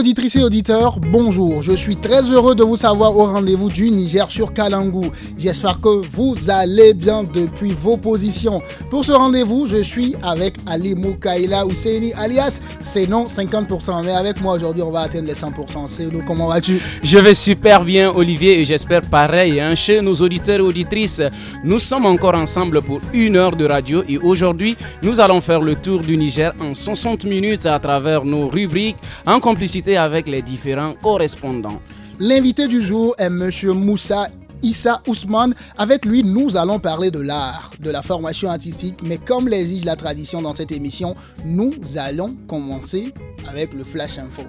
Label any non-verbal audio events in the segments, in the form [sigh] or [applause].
auditrices et auditeurs, bonjour. Je suis très heureux de vous savoir au rendez-vous du Niger sur Kalangou. J'espère que vous allez bien depuis vos positions. Pour ce rendez-vous, je suis avec Ali Moukaila Ousseini, alias c'est non 50%. Mais avec moi aujourd'hui, on va atteindre les 100%. C'est nous, comment vas-tu Je vais super bien, Olivier, et j'espère pareil. Hein. chez nos auditeurs et auditrices, nous sommes encore ensemble pour une heure de radio et aujourd'hui, nous allons faire le tour du Niger en 60 minutes à travers nos rubriques en complicité avec les différents correspondants. L'invité du jour est M. Moussa Issa Ousmane. Avec lui, nous allons parler de l'art, de la formation artistique, mais comme l'exige la tradition dans cette émission, nous allons commencer avec le Flash Info.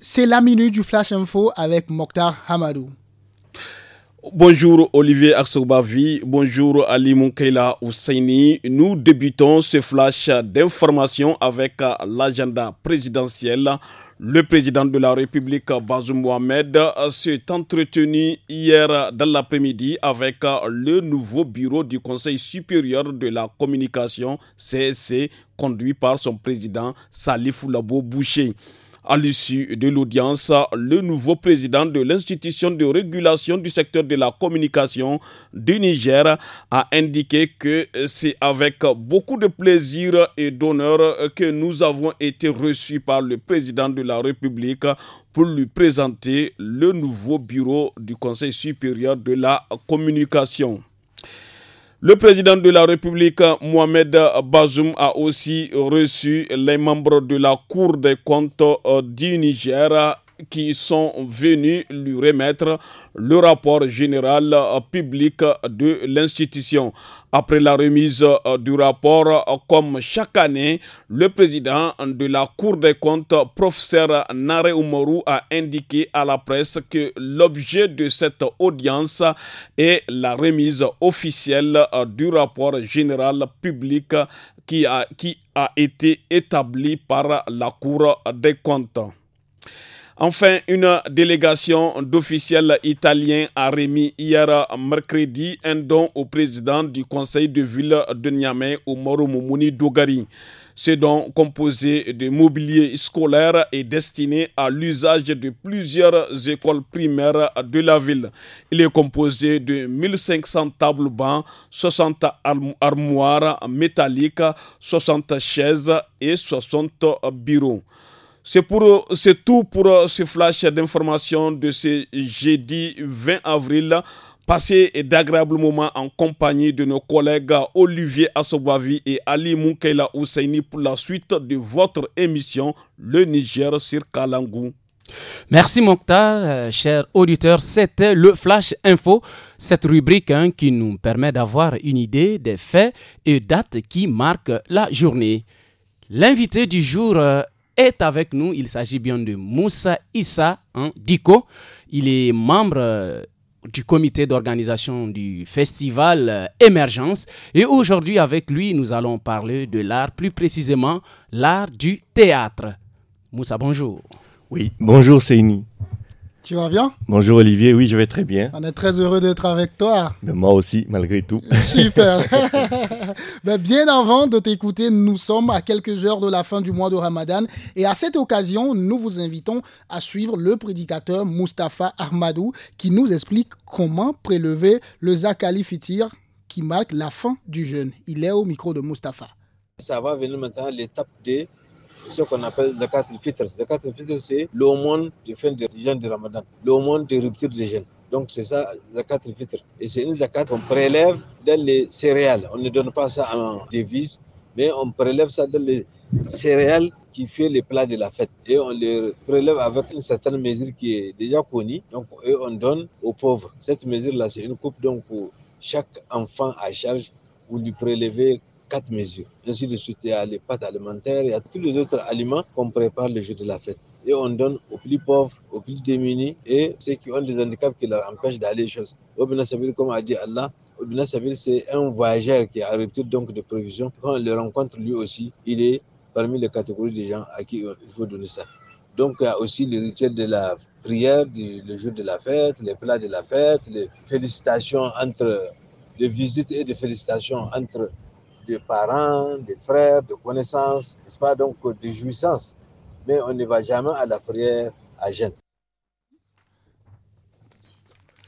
C'est la minute du Flash Info avec Mokhtar Hamadou. Bonjour Olivier Aksobavi. bonjour Ali Moukaila Ousseini. Nous débutons ce flash d'information avec euh, l'agenda présidentiel. Le président de la République, Bazoum Mohamed, euh, s'est entretenu hier euh, dans l'après-midi avec le nouveau bureau du Conseil supérieur de la communication, CSC, conduit par son président Salif Labo Boucher. À l'issue de l'audience, le nouveau président de l'institution de régulation du secteur de la communication du Niger a indiqué que c'est avec beaucoup de plaisir et d'honneur que nous avons été reçus par le président de la République pour lui présenter le nouveau bureau du Conseil supérieur de la communication. Le président de la République, Mohamed Bazoum, a aussi reçu les membres de la Cour des comptes euh, du Niger qui sont venus lui remettre le rapport général euh, public de l'institution. Après la remise euh, du rapport, euh, comme chaque année, le président de la Cour des comptes, professeur Nare Umoru, a indiqué à la presse que l'objet de cette audience est la remise officielle du rapport général public qui a, qui a été établi par la Cour des comptes. Enfin, une délégation d'officiels italiens a remis hier mercredi un don au président du conseil de ville de Niamey, Omaro Moumouni Dogari. Ce don, composé de mobilier scolaire, est destiné à l'usage de plusieurs écoles primaires de la ville. Il est composé de 1500 tables bancs, 60 armoires métalliques, 60 chaises et 60 bureaux. C'est tout pour euh, ce flash d'information de ce jeudi 20 avril. Passez d'agréables moments en compagnie de nos collègues Olivier Assobavi et Ali Moukela Ousseini pour la suite de votre émission Le Niger sur Kalangou. Merci Mokhtar, euh, chers auditeurs, C'était le Flash Info, cette rubrique hein, qui nous permet d'avoir une idée des faits et dates qui marquent la journée. L'invité du jour euh, est avec nous. Il s'agit bien de Moussa Issa hein, Diko. Il est membre euh, du comité d'organisation du festival euh, Émergence. Et aujourd'hui, avec lui, nous allons parler de l'art, plus précisément l'art du théâtre. Moussa, bonjour. Oui, bonjour Seini. Tu vas bien Bonjour Olivier, oui je vais très bien. On est très heureux d'être avec toi. Mais moi aussi, malgré tout. [laughs] Super. [laughs] Ben, bien avant de t'écouter, nous sommes à quelques heures de la fin du mois de Ramadan et à cette occasion, nous vous invitons à suivre le prédicateur Mustapha Armadou qui nous explique comment prélever le Zakali Fitir qui marque la fin du jeûne. Il est au micro de Mustapha. Ça va venir maintenant l'étape des ce qu'on appelle zakat al-fitr. Zakat al-fitr, c'est l'aumône de fin de jeûne de Ramadan, l'aumône de rupture de jeûne. Donc c'est ça, zakat al-fitr. Et c'est une zakat qu'on prélève dans les céréales. On ne donne pas ça en devise, mais on prélève ça dans les céréales qui fait les plats de la fête. Et on les prélève avec une certaine mesure qui est déjà connue. Donc et on donne aux pauvres. Cette mesure-là, c'est une coupe. Donc chaque enfant à charge, vous lui prélever quatre mesures. Ainsi de suite, il y a les pâtes alimentaires, il y a tous les autres aliments qu'on prépare le jour de la fête. Et on donne aux plus pauvres, aux plus démunis et ceux qui ont des handicaps qui leur empêchent d'aller les choses. Oubina Sabir, comme a dit Allah, Oubina Sabir, c'est un voyageur qui a retour donc de provisions. Quand on le rencontre lui aussi, il est parmi les catégories des gens à qui il faut donner ça. Donc, il y a aussi les rituels de la prière, du, le jour de la fête, les plats de la fête, les félicitations entre, les visites et les félicitations entre de parents, de frères, de connaissances, n'est-ce pas, donc euh, de jouissance. Mais on ne va jamais à la prière à jeûne.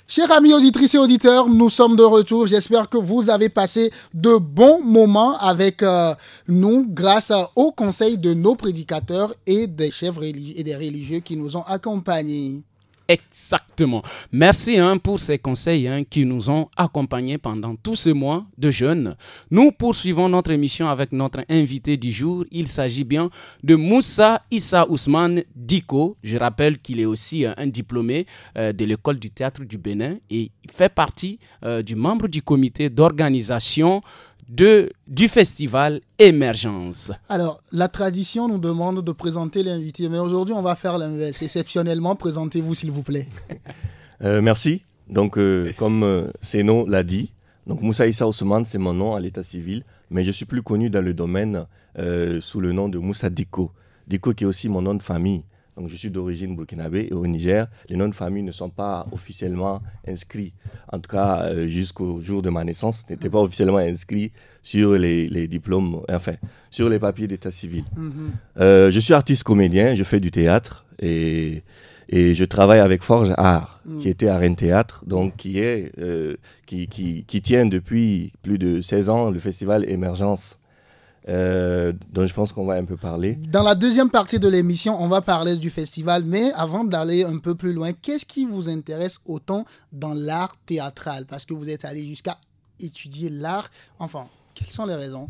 Chers amis auditrices et auditeurs, nous sommes de retour. J'espère que vous avez passé de bons moments avec euh, nous grâce euh, au conseil de nos prédicateurs et des chefs et des religieux qui nous ont accompagnés. Exactement. Merci hein, pour ces conseils hein, qui nous ont accompagnés pendant tout ce mois de jeûne. Nous poursuivons notre émission avec notre invité du jour. Il s'agit bien de Moussa Issa Ousmane Diko. Je rappelle qu'il est aussi euh, un diplômé euh, de l'école du théâtre du Bénin et il fait partie euh, du membre du comité d'organisation de, du festival Émergence. Alors, la tradition nous demande de présenter l'invité, mais aujourd'hui, on va faire l'inverse. Exceptionnellement, présentez-vous, s'il vous plaît. Euh, merci. Donc, euh, comme euh, l'a dit, donc Moussa Issa Ousmane, c'est mon nom à l'état civil, mais je suis plus connu dans le domaine euh, sous le nom de Moussa Diko. Diko qui est aussi mon nom de famille. Donc je suis d'origine burkinabé et au Niger, les noms de famille ne sont pas officiellement inscrits. En tout cas, euh, jusqu'au jour de ma naissance, n'étaient pas officiellement inscrits sur les, diplômes, enfin, sur les papiers d'état civil. Mhm. Euh, je suis artiste comédien, je fais du théâtre et, et je travaille avec Forge Art, mm. qui était Rennes Théâtre, donc qui, est, euh, qui, qui, qui, tient depuis plus de 16 ans le festival Émergence euh, dont je pense qu'on va un peu parler. Dans la deuxième partie de l'émission, on va parler du festival, mais avant d'aller un peu plus loin, qu'est-ce qui vous intéresse autant dans l'art théâtral Parce que vous êtes allé jusqu'à étudier l'art. Enfin, quelles sont les raisons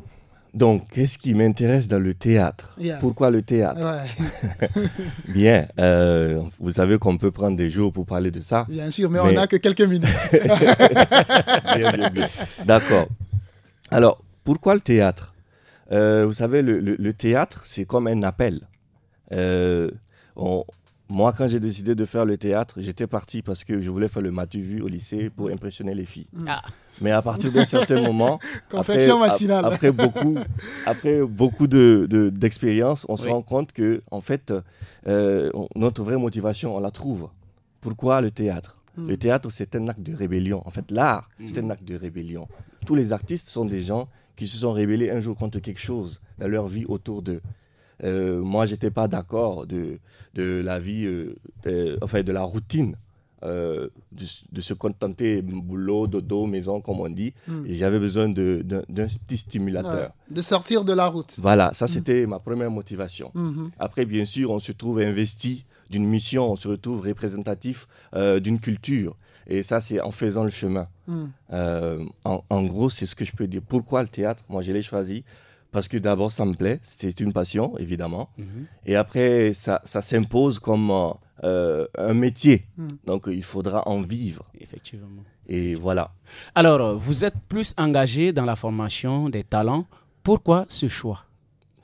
donc, qu'est-ce qui m'intéresse dans le théâtre Pourquoi le théâtre [laughs] Bien, euh, vous savez qu'on peut prendre des jours pour parler de ça. Bien sûr, mais, on n'a que quelques minutes. [laughs] D'accord. Alors, pourquoi le théâtre euh, vous savez, le, théâtre, c'est comme un appel. Euh, moi, quand j'ai décidé de faire le théâtre, j'étais parti parce que je voulais faire le matu vu au lycée pour impressionner les filles. Ah. Mais à partir d'un certain [laughs] moment, après, beaucoup, après beaucoup d'expérience, on se rend compte que en fait, euh, notre vraie motivation, on la trouve. Pourquoi le théâtre hmm. Le théâtre, c'est un acte de rébellion. En fait, l'art, c'est un hmm. acte de rébellion. Tous les artistes sont des gens qui se sont révélés un jour contre quelque chose dans leur vie autour d'eux. Euh, moi, j'étais pas d'accord de, de la vie, euh, enfin de la routine, euh, de, se contenter boulot, dodo, maison, comme on dit. Hmm. Et j'avais besoin d'un petit stimulateur. de sortir de la route. Voilà, ça hmm. c'était ma première motivation. Hmm, Après, bien sûr, on se trouve investi d'une mission, on se retrouve représentatif euh, d'une culture. Et ça, c'est en faisant le chemin. Hmm. Euh, en, gros, c'est ce que je peux dire. Pourquoi le théâtre Moi, je l'ai choisi parce que d'abord, ça me plaît. C'est une passion, évidemment. Mhm. Et après, ça, ça s'impose comme euh, euh, un métier. Hmm. Donc, il faudra en vivre. Effectivement. Et voilà. Alors, vous êtes plus engagé dans la formation des talents. Pourquoi ce choix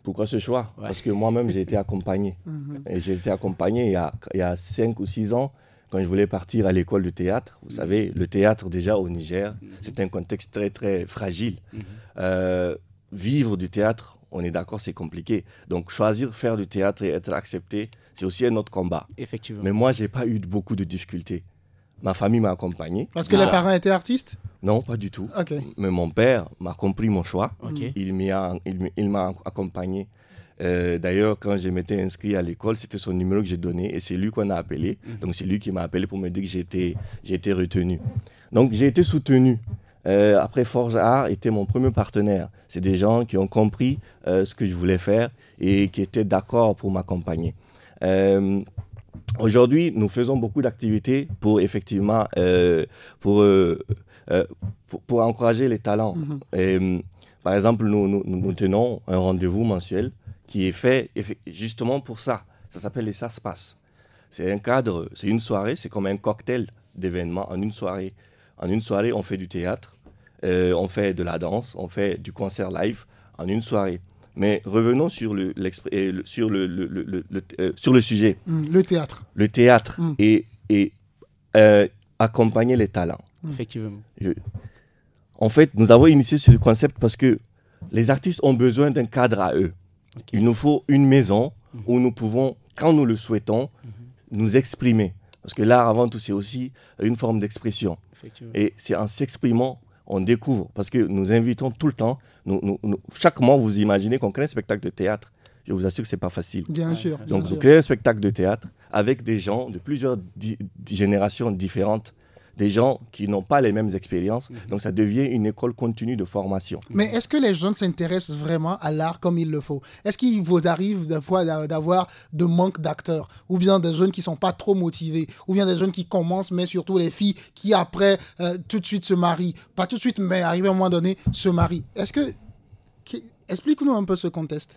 pourquoi ce choix Parce que moi-même, j'ai été accompagné. [laughs] Mhm. Et j'ai été accompagné il y, a, il y a cinq ou six ans quand je voulais partir à l'école de théâtre, vous mm. savez, le théâtre déjà au Niger, mm. c'est un contexte très très fragile. Mm. Euh, vivre du théâtre, on est d'accord, c'est compliqué. Donc choisir faire du théâtre et être accepté, c'est aussi un autre combat. Effectivement. Mais moi, j'ai pas eu beaucoup de difficultés. Ma famille m'a accompagné. Parce que les parents étaient artistes Non, pas du tout. Mais mon père m'a compris mon choix. Il m'a il, m'a accompagné euh, d'ailleurs, quand je m'étais inscrit à l'école, c'était son numéro que j'ai donné et c'est lui qu'on a appelé. Mhm. Donc c'est lui qui m'a appelé pour me dire que j'étais été retenu. Donc j'ai été soutenu. Euh, après, Forge Art était mon premier partenaire. C'est des gens qui ont compris euh, ce que je voulais faire et qui étaient d'accord pour m'accompagner. Aujourd'hui, nous faisons beaucoup d'activités pour effectivement pour, pour, encourager les talents. Mhm. et, par exemple, nous tenons un rendez-vous mensuel qui est fait justement pour ça. Ça s'appelle les passe. C'est un cadre, c'est une soirée, c'est comme un cocktail d'événements en une soirée. En une soirée, on fait du théâtre, euh, on fait de la danse, on fait du concert live en une soirée. Mais revenons sur le, sur le, sur le euh, sujet. Mmh, le théâtre. Le théâtre mmh. et, euh, accompagner les talents. Mmh. Effectivement. En fait, nous avons initié ce concept parce que les artistes ont besoin d'un cadre à eux. Il nous faut une maison où nous pouvons, quand nous le souhaitons, mhm. nous exprimer. Parce que l'art, avant tout, c'est aussi une forme d'expression. Et c'est en s'exprimant, on découvre. Parce que nous invitons tout le temps. chaque mois, vous imaginez qu'on crée un spectacle de théâtre. Je vous assure que ce n'est pas facile. Bien sûr. Donc, vous créez un spectacle de théâtre avec des gens de plusieurs générations différentes des gens qui n'ont pas les mêmes expériences. Mhm. Donc ça devient une école continue de formation. Mais est-ce que les jeunes s'intéressent vraiment à l'art comme il le faut Est-ce qu'il vous arrive des fois d'avoir de manque d'acteurs ou bien des jeunes qui sont pas trop motivés ou bien des jeunes qui commencent mais surtout les filles qui après euh, tout de suite se marient, pas tout de suite mais arrivé à un moment donné se marient. Est-ce que explique-nous un peu ce contexte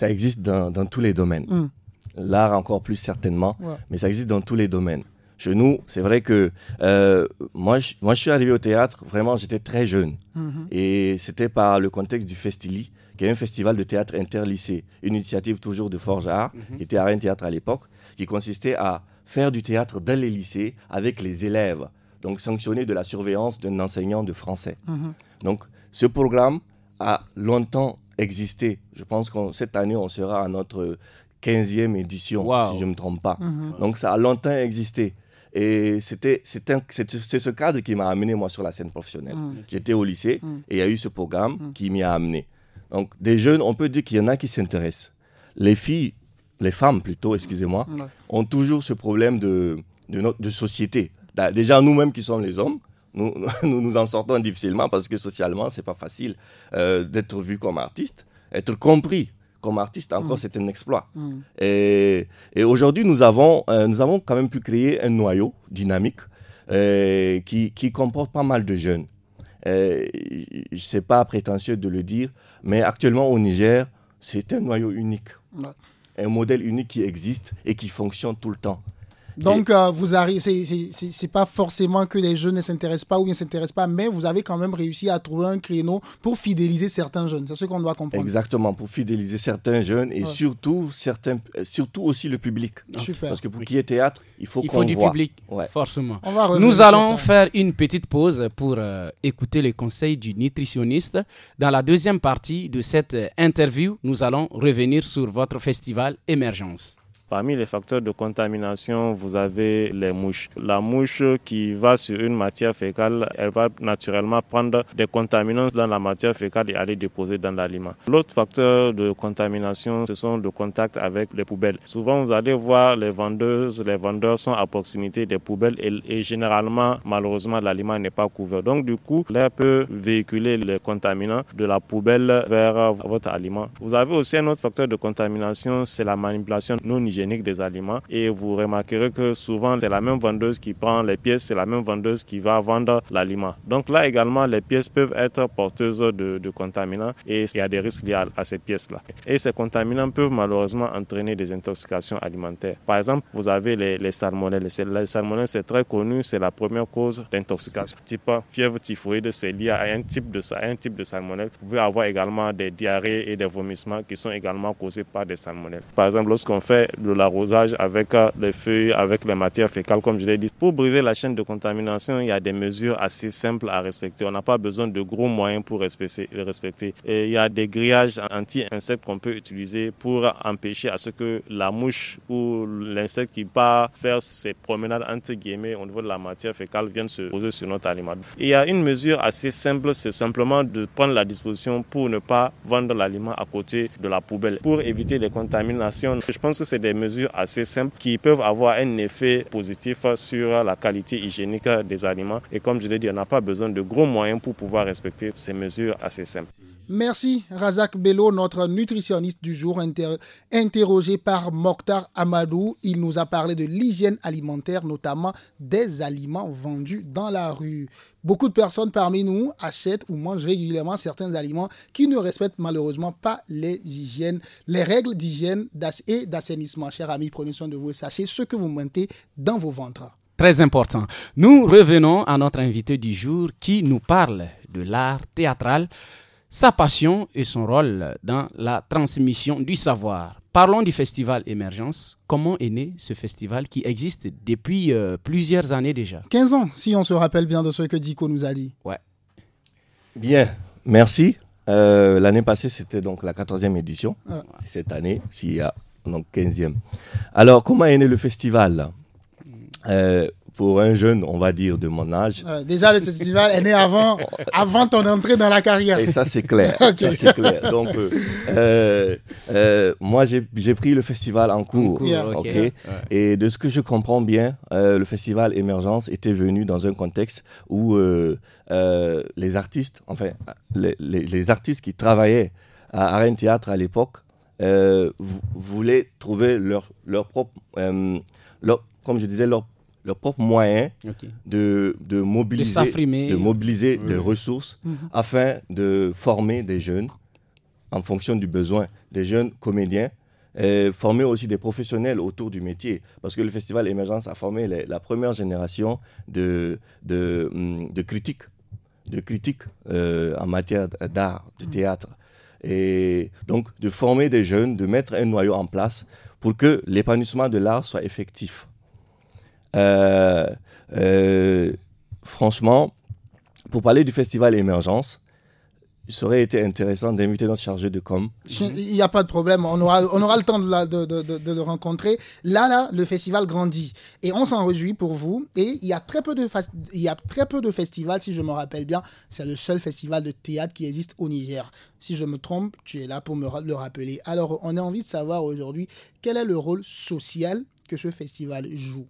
Ça existe dans, tous les domaines. Hum. L'art encore plus certainement, mais ça existe dans tous les domaines chez nous, c'est vrai que euh, moi, je, moi, je suis arrivé au théâtre, vraiment, j'étais très jeune. Mhm. Et c'était par le contexte du Festili, qui est un festival de théâtre inter-lycée. une initiative toujours de Forge Art, mhm. qui était à Théâtre à l'époque, qui consistait à faire du théâtre dans les lycées avec les élèves, donc sanctionné de la surveillance d'un enseignant de français. Mhm. Donc, ce programme a longtemps existé. Je pense que cette année, on sera à notre 15e édition, si je ne me trompe pas. Donc ça a longtemps existé. Et c'est ce cadre qui m'a amené, moi, sur la scène professionnelle. Mm. J'étais au lycée mm. et il y a eu ce programme mm. qui m'y a amené. Donc, des jeunes, on peut dire qu'il y en a qui s'intéressent. Les filles, les femmes plutôt, excusez-moi, ont toujours ce problème de, de, société. Déjà, nous-mêmes qui sommes les hommes, [laughs] nous, nous, en sortons difficilement parce que socialement, n'est pas facile euh, d'être vu comme artiste, être compris comme artiste, encore, mm. c'est un exploit. Mm. Et, et aujourd'hui, nous, avons, euh, nous avons quand même pu créer un noyau dynamique euh, qui, qui, comporte pas mal de jeunes. Je ne sais pas prétentieux de le dire, mais actuellement au Niger, c'est un noyau unique, un modèle unique qui existe et qui fonctionne tout le temps. Donc, ce n'est euh, vous arrivez, c'est pas forcément que les jeunes ne s'intéressent pas ou ne s'intéressent pas, mais vous avez quand même réussi à trouver un créneau pour fidéliser certains jeunes. C'est ce qu'on doit comprendre. Exactement, pour fidéliser certains jeunes et surtout, euh, surtout aussi le public. Parce que pour qu'il y ait théâtre, il faut qu'on voit. Il faut du public, forcément. Nous allons faire une petite pause pour euh, écouter les conseils du nutritionniste. Dans la deuxième partie de cette interview, nous allons revenir sur votre festival Émergence. Parmi les facteurs de contamination, vous avez les mouches. La mouche qui va sur une matière fécale, elle va naturellement prendre des contaminants dans la matière fécale et aller déposer dans l'aliment. L'autre facteur de contamination, ce sont le contact avec les poubelles. Souvent, vous allez voir les vendeuses, les vendeurs sont à proximité des poubelles et, et généralement, malheureusement, l'aliment n'est pas couvert. Donc, du coup, l'air peut véhiculer les contaminants de la poubelle vers votre aliment. Vous avez aussi un autre facteur de contamination, c'est la manipulation non hygiénique des aliments. Et vous remarquerez que souvent, c'est la même vendeuse qui prend les pièces, c'est la même vendeuse qui va vendre l'aliment. Donc là également, les pièces peuvent être porteuses de, contaminants et il y a des risques liés à, ces pièces-là. Et ces contaminants peuvent malheureusement entraîner des intoxications alimentaires. Par exemple, vous avez les, salmonelles. Les salmonelles, c'est très connu, c'est la première cause d'intoxication. Type fièvre typhoïde, c'est lié à un type de, un type de salmonelle. Vous pouvez avoir également des diarrhées et des vomissements qui sont également causés par des salmonelles. Par exemple, lorsqu'on fait de l'arrosage avec euh, les feuilles, avec les matières fécales, comme je l'ai dit. Pour briser la chaîne de contamination, il y a des mesures assez simples à respecter. On n'a pas besoin de gros moyens pour respecter. Et il y a des grillages anti-insectes qu'on peut utiliser pour empêcher à ce que la mouche ou l'insecte qui va faire ses promenades entre guillemets au niveau de la matière fécale vienne se poser sur notre aliment. il y a une mesure assez simple, c'est simplement de prendre la disposition pour ne pas vendre l'aliment à côté de la poubelle pour éviter les contaminations. Je pense que c'est des mesures assez simples qui peuvent avoir un effet positif sur la qualité hygiénique des aliments. Et comme je l'ai dit, on n'a pas besoin de gros moyens pour pouvoir respecter ces mesures assez simples. Merci Razak Bello, notre nutritionniste du jour, interrogé par Mokhtar Amadou. Il nous a parlé de l'hygiène alimentaire, notamment des aliments vendus dans la rue. Beaucoup de personnes parmi nous achètent ou mangent régulièrement certains aliments qui ne respectent malheureusement pas les hygiènes, les règles d'hygiène et d'assainissement. Chers amis, prenez soin de vous et sachez ce que vous mettez dans vos ventres. Très important. Nous revenons à notre invité du jour qui nous parle de l'art théâtral sa passion et son rôle dans la transmission du savoir. Parlons du festival Émergence. Comment est né ce festival qui existe depuis euh, plusieurs années déjà 15 ans, si on se rappelle bien de ce que Dico nous a dit. Ouais. Bien, merci. Euh, l'année passée, c'était donc la 14e édition. Ah. Cette année, s'il y a donc 15e. Alors, comment est né le festival euh, pour un jeune, on va dire, de mon âge. déjà, le festival est né avant, [laughs] avant ton entrée dans la carrière. Et ça, c'est clair. [laughs] Ça, clair. Donc, euh, euh, euh, moi, j'ai pris le festival en cours. Et de ce que je comprends bien, le festival Émergence était venu dans un contexte où les artistes, enfin, les, artistes qui travaillaient à Arène Théâtre à l'époque, voulaient trouver leur, leur propre, comme je disais, leur leurs propre moyen de, mobiliser, de, mobiliser des ressources mhm. afin de former des jeunes en fonction du besoin, des jeunes comédiens, et former aussi des professionnels autour du métier. Parce que le Festival Émergence a formé la première génération de, de, hum, critiques, de critiques euh, en matière d'art, de mhm. théâtre. Et donc de former des jeunes, de mettre un noyau en place pour que l'épanouissement de l'art soit effectif. Euh, euh, franchement, pour parler du festival Émergence, Il serait été intéressant d'inviter notre chargé de com. Il n'y a pas de problème, on aura, on aura le temps de, le rencontrer. Là, là, le festival grandit et on s'en réjouit pour vous. Et il y très peu de, il y a très peu de festivals, si je me rappelle bien. C'est le seul festival de théâtre qui existe au Niger. Si je me trompe, tu es là pour me le rappeler. Alors, on a envie de savoir aujourd'hui quel est le rôle social que ce festival joue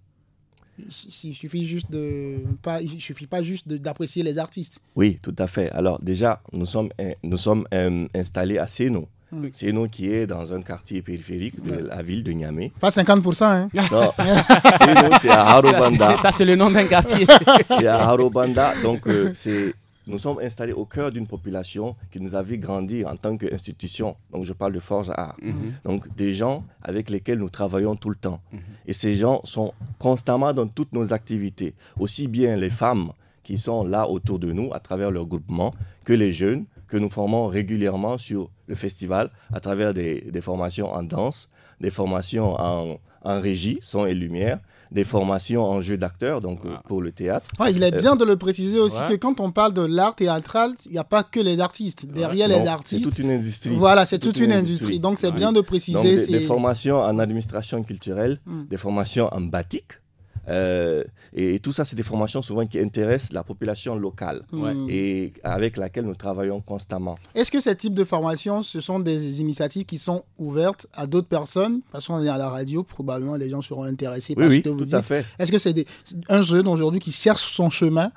il suffit juste de pas il suffit pas juste d'apprécier les artistes oui tout à fait alors déjà nous sommes euh, nous sommes euh, installés à Seno oui. qui est dans un quartier périphérique de la ville de Niamey. Pas 50%, hein Non, [laughs] Seno c'est à Harobanda. Ça c'est le nom d'un quartier. [laughs] c'est à Harobanda, donc euh, c'est nous mm. sommes installés au cœur d'une population qui nous a vu grandir en tant qu'institution. Donc, je parle de Forge Art. Mm-hmm. Donc, des gens avec lesquels nous travaillons tout le temps. Mm-hmm. Et ces gens sont constamment dans toutes nos activités, aussi bien les femmes qui sont là autour de nous à travers leur groupement que les jeunes que nous formons régulièrement sur le festival à travers des, des formations en danse, des formations en en régie, son et lumière, des formations en jeu d'acteur, donc euh, pour le théâtre. Ah, il est euh, bien de le préciser aussi que quand on parle de l'art théâtral, il n'y a pas que les artistes. Derrière les artistes. C'est toute une industrie. Voilà, c'est toute, une, industrie. Donc c'est bien de préciser. des, formations en administration culturelle, hmm. des formations en batik euh, et, tout ça, c'est des formations souvent qui intéressent la population locale mm. et avec laquelle nous travaillons constamment. Est-ce que ce type de formation, ce sont des initiatives qui sont ouvertes à d'autres personnes Parce qu'on est à la radio, probablement les gens seront intéressés par ce que vous dites. fait. Est-ce que c'est un jeune aujourd'hui qui cherche son chemin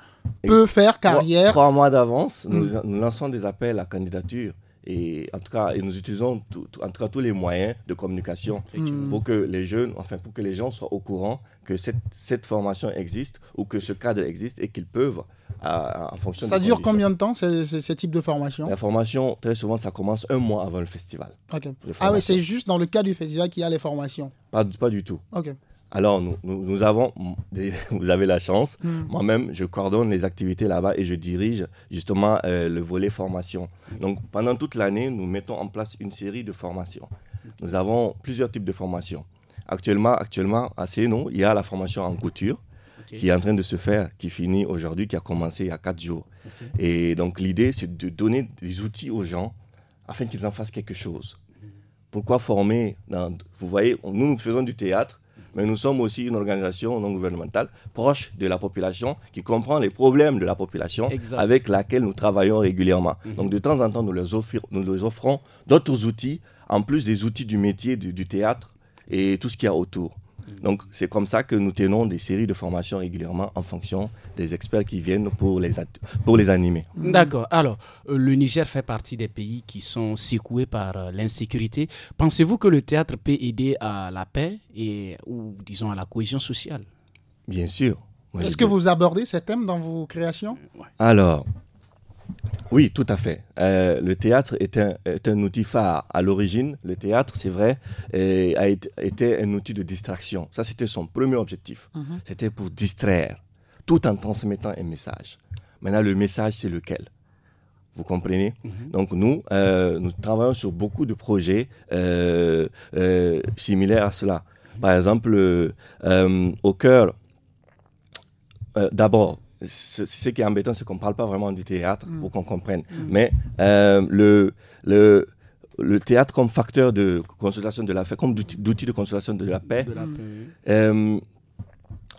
peut faire carrière Trois, mois d'avance, nous, nous mm. lançons des appels à candidature et en tout cas, nous utilisons en tout tous les moyens de communication mm. pour que les jeunes, enfin pour que les gens soient au courant que cette, cette formation existe ou que ce cadre existe et qu'ils peuvent euh, en fonction. Ça dure combien de temps ce, type de formation La formation très souvent ça commence un mois avant le festival. Ah oui, c'est juste dans le cas du festival qu'il y a les formations. Pas, du tout. Alors, nous, nous, avons, [laughs] vous avez la chance, hmm. moi-même, je coordonne les activités là-bas et je dirige justement euh, le volet formation. Donc, pendant toute l'année, nous mettons en place une série de formations. Nous avons plusieurs types de formations. Actuellement, actuellement à Sénon, il y a la formation en couture qui est en train de se faire, qui finit aujourd'hui, qui a commencé il y a quatre jours. Et donc, l'idée, c'est de donner des outils aux gens afin qu'ils en fassent quelque chose. Hmm. Pourquoi former Vous voyez, nous, nous faisons du théâtre mais nous sommes aussi une organisation non gouvernementale proche de la population qui comprend les problèmes de la population avec laquelle nous travaillons régulièrement. Mhm. Donc de temps en temps, nous leur, offrons d'autres outils, en plus des outils du métier du théâtre et tout ce qu'il y a autour. Donc, c'est comme ça que nous tenons des séries de formations régulièrement en fonction des experts qui viennent pour les, pour les animer. Mm-hmm. D'accord. Alors, euh, le Niger fait partie des pays qui sont secoués par euh, l'insécurité. Pensez-vous que le théâtre peut aider à la paix et, ou, disons, à la cohésion sociale Bien sûr. Est-ce que vous abordez ces thèmes dans vos créations Alors, oui, tout à fait. Euh, le théâtre est un, outil phare. À l'origine, le théâtre, c'est vrai, euh, a été un outil de distraction. Ça, c'était son premier objectif. Mhm. C'était pour distraire, tout en transmettant un message. Maintenant, le message, c'est lequel vous comprenez mhm. Donc nous, euh, nous travaillons sur beaucoup de projets similaires à cela. Mhm. Par exemple, au cœur, d'abord, ce, qui est embêtant, c'est qu'on ne parle pas vraiment du théâtre mm. pour qu'on comprenne. Mm. Mais euh, le, le, le, théâtre comme facteur de consolation de la paix, comme d'outil de consolation de la paix, euh,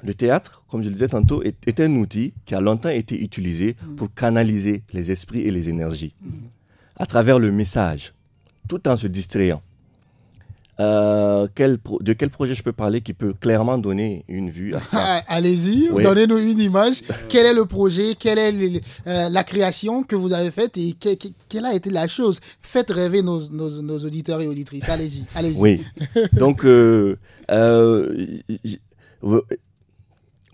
le théâtre, comme je le disais tantôt, est, un outil qui a longtemps été utilisé mm. pour canaliser les esprits et les énergies à travers le message, tout en se distrayant. Euh, de quel projet je peux parler qui peut clairement donner une vue à ça [laughs] Allez-y, donnez-nous une image. Quel est le projet Quelle est euh, la création que vous avez faite et quelle a été la chose Faites rêver nos, auditeurs et auditrices. Allez-y, allez-y. Oui. Donc, euh,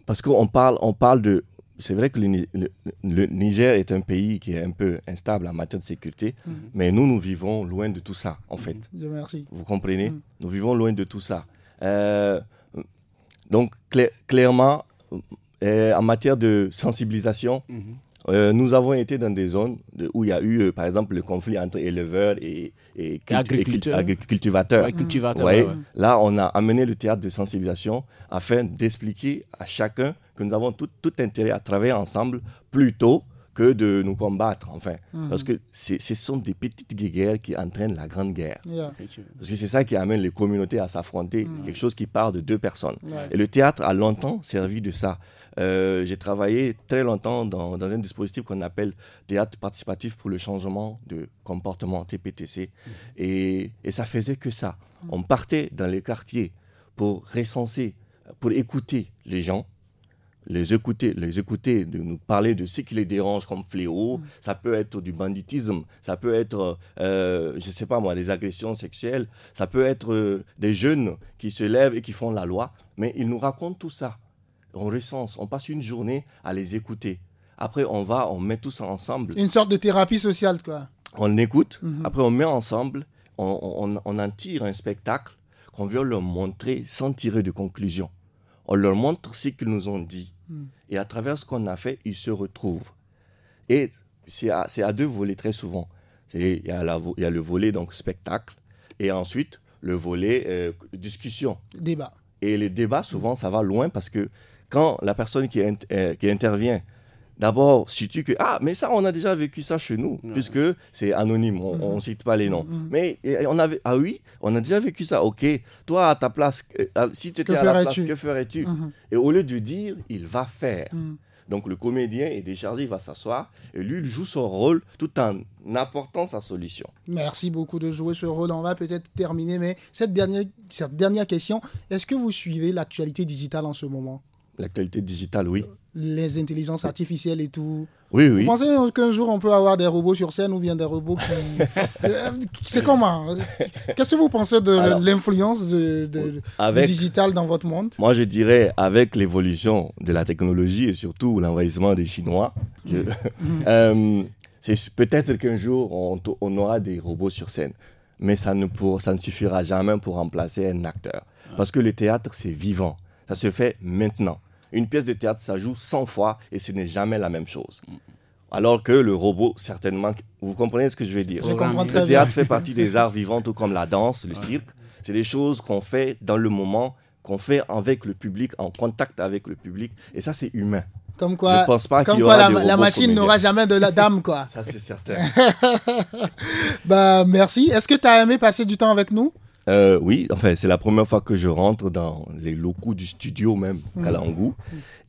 parce qu'on parle, on parle de c'est vrai que le, Niger est un pays qui est un peu instable en matière de sécurité, mm-hmm. mais nous, nous vivons loin de tout ça, en mm-hmm. fait. Vous comprenez mm. Nous vivons loin de tout ça. Euh, donc, clairement, euh, en matière de sensibilisation, mm-hmm. Euh, nous avons été dans des zones où il y a eu, euh, par exemple, le conflit entre éleveurs et, et, cultivateurs. Là, on a amené le théâtre de sensibilisation afin d'expliquer à chacun que nous avons tout, intérêt à travailler ensemble plutôt que de nous combattre, enfin. Mhm. Parce que ce sont des petites guerres qui entraînent la grande guerre. Parce que c'est ça qui amène les communautés à s'affronter, mhm. quelque chose qui part de deux personnes. Et le théâtre a longtemps servi de ça. Euh, j'ai travaillé très longtemps dans, un dispositif qu'on appelle théâtre participatif pour le changement de comportement, TPTC. Mmh. Et, ça faisait que ça. On partait dans les quartiers pour recenser, pour écouter les gens, les écouter, les écouter, de nous parler de ce qui les dérange comme fléau. Mmh. Ça peut être du banditisme, ça peut être, euh, je ne sais pas moi, des agressions sexuelles, ça peut être euh, des jeunes qui se lèvent et qui font la loi. Mais ils nous racontent tout ça on recense, on passe une journée à les écouter. Après, on va, on met tout ça ensemble. Une sorte de thérapie sociale, quoi. On écoute, mhm. après on met ensemble, on, en tire un spectacle qu'on veut leur montrer sans tirer de conclusion. On leur montre ce qu'ils nous ont dit. Mhm. Et à travers ce qu'on a fait, ils se retrouvent. Et c'est à, à, deux volets très souvent. Il y, a le volet donc spectacle et ensuite le volet euh, discussion. Débat. Et les débats, souvent, ça va loin parce que quand la personne euh, qui, intervient d'abord situe que ah mais ça on a déjà vécu ça chez nous puisque c'est anonyme on, ne mm-hmm. cite pas les noms mm-hmm. mais on avait ah oui on a déjà vécu ça ok toi à ta place euh, si tu étais à ta place que ferais-tu mm-hmm. et au lieu de dire il va faire mm. donc le comédien est déchargé, il va s'asseoir et lui, il joue son rôle tout en apportant sa solution. Merci beaucoup de jouer ce rôle. On va peut-être terminer, mais cette cette dernière question, est-ce que vous suivez l'actualité digitale en ce moment L'actualité digitale, oui. Les intelligences artificielles et tout. Oui, oui. Vous pensez qu'un jour on peut avoir des robots sur scène ou bien des robots qui. [laughs] Euh, c'est comment hein Qu'est-ce que vous pensez de l'influence de, du digital dans votre monde Moi, je dirais, avec l'évolution de la technologie et surtout l'envahissement des Chinois, mm. [laughs] euh, c'est peut-être qu'un jour on, on, aura des robots sur scène. Mais ça ne, pour, ça ne suffira jamais pour remplacer un acteur. Parce que le théâtre, c'est vivant. Ça se fait maintenant. Une pièce de théâtre, ça joue 100 fois et ce n'est jamais la même chose. Mm. Alors que le robot, certainement, vous comprenez ce que je veux dire. le théâtre fait partie des arts vivants, tout comme la danse, le cirque. C'est des choses qu'on fait dans le moment, qu'on fait avec le public, en contact avec le public. Et ça, c'est humain. Comme quoi, la, machine n'aura jamais de la dame, quoi. ça, c'est certain. [laughs] bah, merci. Est-ce que tu as aimé passer du temps avec nous euh, oui, enfin, c'est la première fois que je rentre dans les locaux du studio même, hmm. Kalangu. Hmm.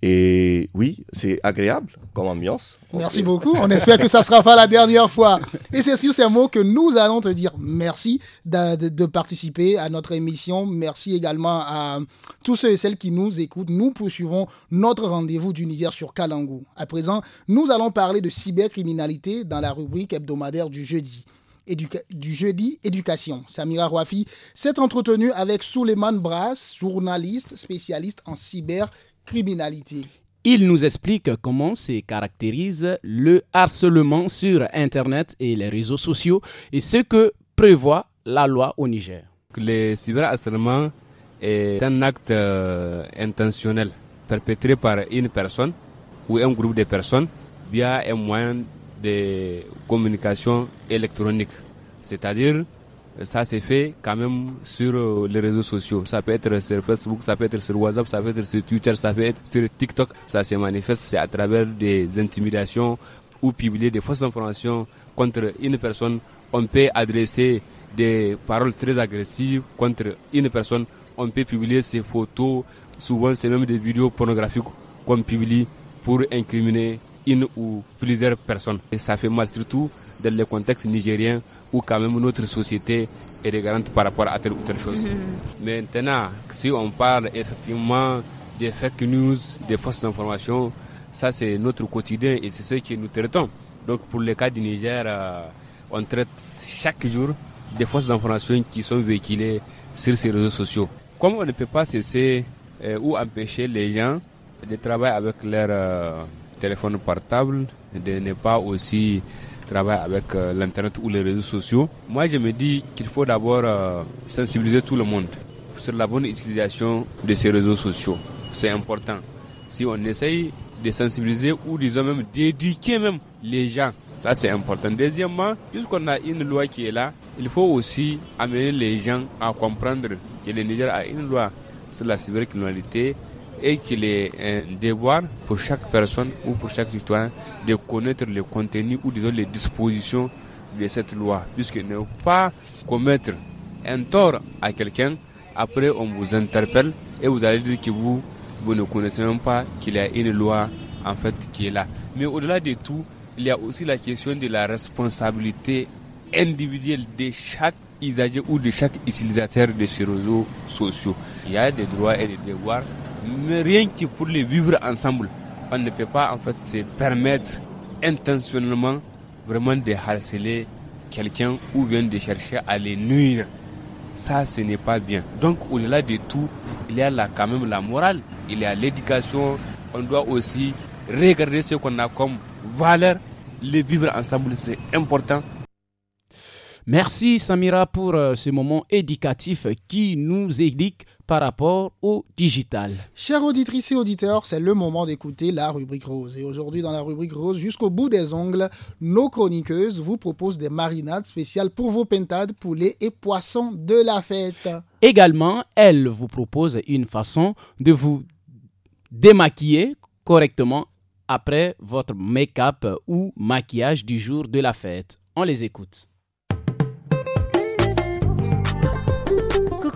Et oui, c'est agréable comme ambiance. Merci beaucoup. On espère que ça sera pas la dernière fois. Et c'est sur ces mots que nous allons te dire merci de, participer à notre émission. Merci également à tous ceux et celles qui nous écoutent. Nous poursuivons notre rendez-vous d'univers sur Kalangu. À présent, nous allons parler de cybercriminalité dans la rubrique hebdomadaire du jeudi du jeudi éducation. Samira Rouafi s'est entretenue avec Souleymane Brass, journaliste spécialiste en cybercriminalité. Il nous explique comment se caractérise le harcèlement sur Internet et les réseaux sociaux et ce que prévoit la loi au Niger. Le cyberharcèlement est un acte euh, intentionnel perpétré par une personne ou un groupe de personnes via un moyen des communications électroniques. C'est-à-dire, ça s'est fait quand même sur euh, les réseaux sociaux. Ça peut être sur Facebook, ça peut être sur WhatsApp, ça peut être sur Twitter, ça peut être sur TikTok. Ça se manifeste, c'est à travers des intimidations ou publier des fausses informations contre une personne. On peut adresser des paroles très agressives contre une personne. On peut publier ses photos. Souvent, c'est même des vidéos pornographiques qu'on publie pour incriminer une ou plusieurs personnes. Et ça fait mal surtout dans le contexte nigérien où quand même notre société est régalante par rapport à telle ou telle chose. Mhm. Maintenant, si on parle effectivement des fake news, des fausses informations, ça c'est notre quotidien et c'est ce que nous traitons. Donc pour le cas du Niger, euh, on traite chaque jour des fausses informations qui sont véhiculées sur ces réseaux sociaux. Comme on ne peut pas cesser euh, ou empêcher les gens de travailler avec leur... Euh, téléphone portable, de ne pas aussi travailler avec euh, l'Internet ou les réseaux sociaux. Moi, je me dis qu'il faut d'abord euh, sensibiliser tout le monde sur la bonne utilisation de ces réseaux sociaux. C'est important. Si on essaye de sensibiliser ou disons même d'éduquer même les gens, ça c'est important. Deuxièmement, puisqu'on a une loi qui est là, il faut aussi amener les gens à comprendre que le Niger a une loi sur la cybercriminalité et qu'il est un devoir pour chaque personne ou pour chaque citoyen de connaître le contenu ou les dispositions de cette loi, puisque ne pas commettre un tort à quelqu'un, après on vous interpelle et vous allez dire que vous, vous ne connaissez même pas qu'il y a une loi en fait qui est là. Mais au-delà de tout, il y a aussi la question de la responsabilité individuelle de chaque usager ou de chaque utilisateur de ces réseaux sociaux. Il y a des droits et des devoirs mais rien que pour les vivre ensemble, on ne peut pas en fait se permettre intentionnellement vraiment de harceler quelqu'un ou bien de chercher à les nuire. Ça, ce n'est pas bien. Donc, au-delà de tout, il y a là, quand même la morale, il y a l'éducation. On doit aussi regarder ce qu'on a comme valeur. Les vivre ensemble, c'est important. Merci Samira pour euh, ce moment éducatif qui nous éduque par rapport au digital. Chers auditrices et auditeurs, c'est le moment d'écouter la rubrique rose. Et aujourd'hui, dans la rubrique rose, jusqu'au bout des ongles, nos chroniqueuses vous proposent des marinades spéciales pour vos pentades, poulets et poissons de la fête. Également, elles vous proposent une façon de vous démaquiller correctement après votre make-up ou maquillage du jour de la fête. On les écoute.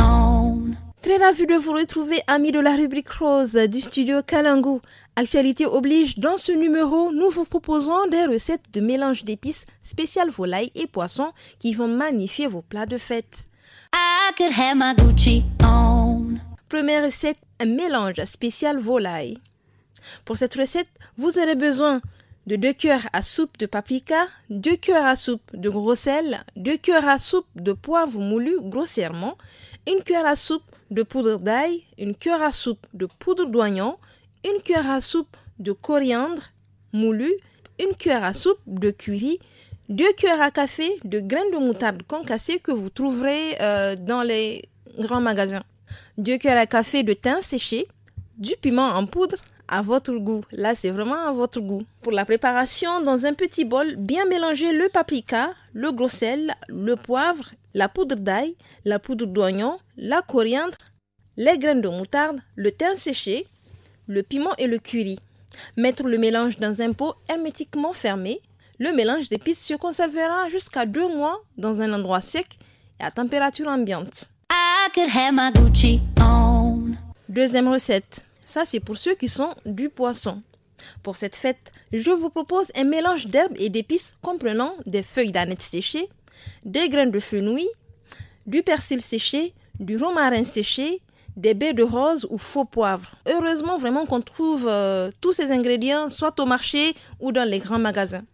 on. Très ravi de vous retrouver, amis de la rubrique rose du studio Kalangu. Actualité oblige, dans ce numéro, nous vous proposons des recettes de mélange d'épices spéciales volailles et poissons qui vont magnifier vos plats de fête. I on. Première recette, un mélange spécial volaille. Pour cette recette, vous aurez besoin de 2 cuillères à soupe de paprika, 2 cuillères à soupe de gros sel, 2 cuillères à soupe de poivre moulu grossièrement, 1 cuillère à soupe de poudre d'ail, 1 cuillère à soupe de poudre d'oignon, 1 cuillère à soupe de coriandre moulu, 1 cuillère à soupe de curry, 2 cuillères à café de graines de moutarde concassées que vous trouverez euh, dans les grands magasins, 2 cuillères à café de thym séché, du piment en poudre, à votre goût. Là, c'est vraiment à votre goût. Pour la préparation, dans un petit bol, bien mélanger le paprika, le gros sel, le poivre, la poudre d'ail, la poudre d'oignon, la coriandre, les graines de moutarde, le thym séché, le piment et le curry. Mettre le mélange dans un pot hermétiquement fermé. Le mélange d'épices se conservera jusqu'à deux mois dans un endroit sec et à température ambiante. Deuxième recette ça, c'est pour ceux qui sont du poisson. Pour cette fête, je vous propose un mélange d'herbes et d'épices comprenant des feuilles d'aneth séchées, des graines de fenouil, du persil séché, du romarin séché, des baies de rose ou faux poivre. Heureusement vraiment qu'on trouve euh, tous ces ingrédients soit au marché ou dans les grands magasins.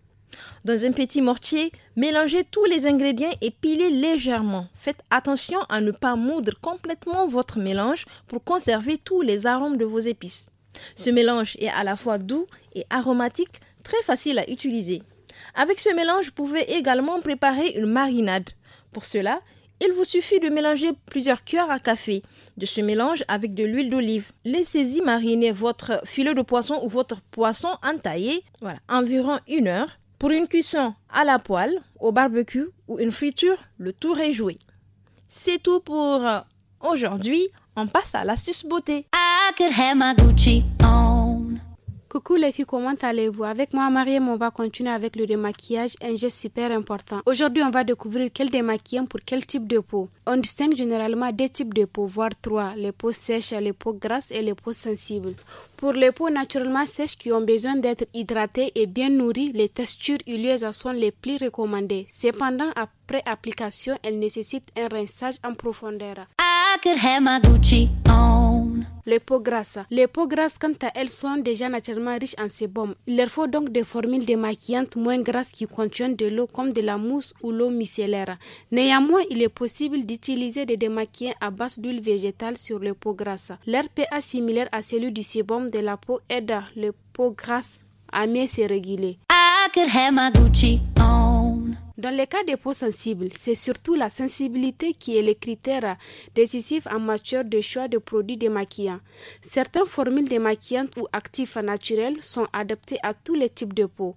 Dans un petit mortier, mélangez tous les ingrédients et pilez légèrement. Faites attention à ne pas moudre complètement votre mélange pour conserver tous les arômes de vos épices. Ce mélange est à la fois doux et aromatique, très facile à utiliser. Avec ce mélange, vous pouvez également préparer une marinade. Pour cela, il vous suffit de mélanger plusieurs cuillères à café de ce mélange avec de l'huile d'olive. Laissez-y mariner votre filet de poisson ou votre poisson entaillé, voilà, environ une heure. Pour une cuisson à la poêle, au barbecue ou une friture, le tour est joué. C'est tout pour euh, aujourd'hui. On passe à l'astuce beauté. Coucou les filles, comment allez-vous Avec moi, Mariam, on va continuer avec le démaquillage, un geste super important. Aujourd'hui, on va découvrir quel démaquillant pour quel type de peau. On distingue généralement deux types de peau, voire trois, les peaux sèches, les peaux grasses et les peaux sensibles. Pour les peaux naturellement sèches qui ont besoin d'être hydratées et bien nourries, les textures huileuses sont les plus recommandées. Cependant, après application, elles nécessitent un rinçage en profondeur les peaux grasses. Les peaux grasses, quant à elles, sont déjà naturellement riches en sébum. Il leur faut donc des formules démaquillantes moins grasses qui contiennent de l'eau comme de la mousse ou l'eau micellaire. Néanmoins, il est possible d'utiliser des démaquillants à base d'huile végétale sur les peaux grasses. Leur pH similaire à celui du sébum de la peau aide les peaux grasses à mieux se réguler. Dans les cas des peaux sensibles, c'est surtout la sensibilité qui est le critère décisif en matière de choix de produits démaquillants. Certaines formules démaquillantes ou actifs naturels sont adaptées à tous les types de peau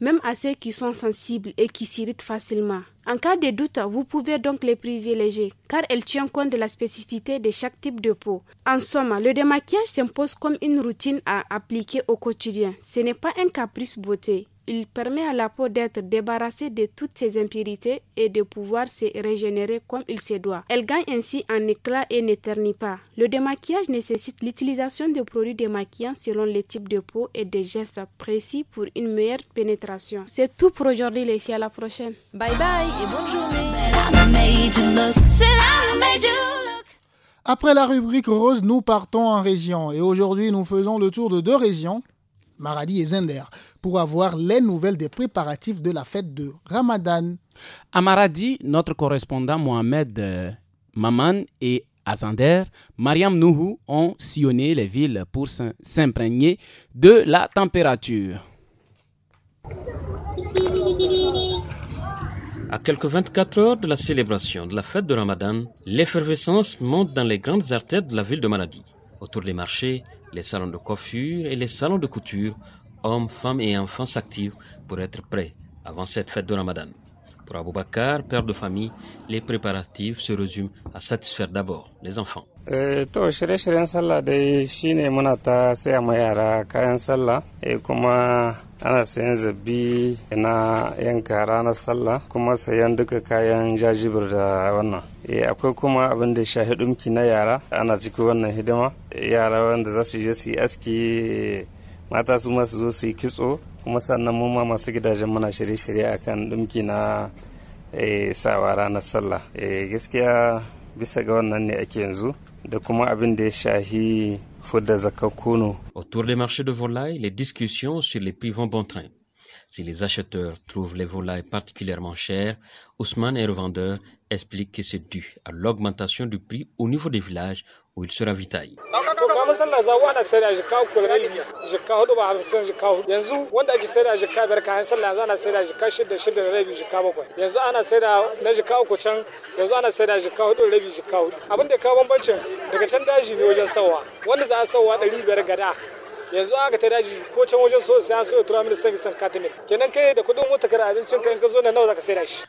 même à ceux qui sont sensibles et qui s'irritent facilement. En cas de doute, vous pouvez donc les privilégier, car elles tiennent compte de la spécificité de chaque type de peau. En somme, le démaquillage s'impose comme une routine à appliquer au quotidien. Ce n'est pas un caprice beauté, il permet à la peau d'être débarrassée de toutes ses impuretés et de pouvoir se régénérer comme il se doit. Elle gagne ainsi en éclat et n'éternit pas. Le démaquillage nécessite l'utilisation de produits démaquillants selon les types de peau et des gestes précis pour une meilleure pénétration. C'est tout pour aujourd'hui les filles, à la prochaine. Bye bye et bonne journée. Après la rubrique rose, nous partons en région et aujourd'hui nous faisons le tour de deux régions Maradi et Zender pour avoir les nouvelles des préparatifs de la fête de Ramadan. À Maradi, notre correspondant Mohamed euh, Maman et à Mariam Nouhou ont sillonné les villes pour s'imprégner de la température. À quelques 24 heures de la célébration de la fête de Ramadan, l'effervescence monte dans les grandes artères de la ville de Maradi. Autour des marchés, les salons de coiffure et les salons de couture, hommes, femmes et enfants s'activent pour être prêts avant cette fête de Ramadan. Pour Aboubakar, père de famille, les préparatifs se résument à satisfaire d'abord les enfants. Eh, to shere shiryen sallah dai shine muna ta saya ma yara kayan sallah e kuma ana sayan zabi na yanka ranar sallah kuma sayan duka kayan jajibir da wannan e akwai kuma abin da shahi na yara ana ciki wannan hidima yara wanda za su je aski mata su masu zo su yi kitso kuma sannan mu ma masu gidajen muna shirye-shirye akan dumki na eh, sawa ranar sallah eh, gaskiya bisa ga wannan ne ake yanzu da kuma abin da ya shahi fudda zakar Autour des marchés de volailles, les discussions sur les prix vont bon train. Si les acheteurs trouvent les volailles particulièrement chères, Ousmane et revendeur explique que c'est dû à l'augmentation du prix au niveau des villages où ils se ravitaillent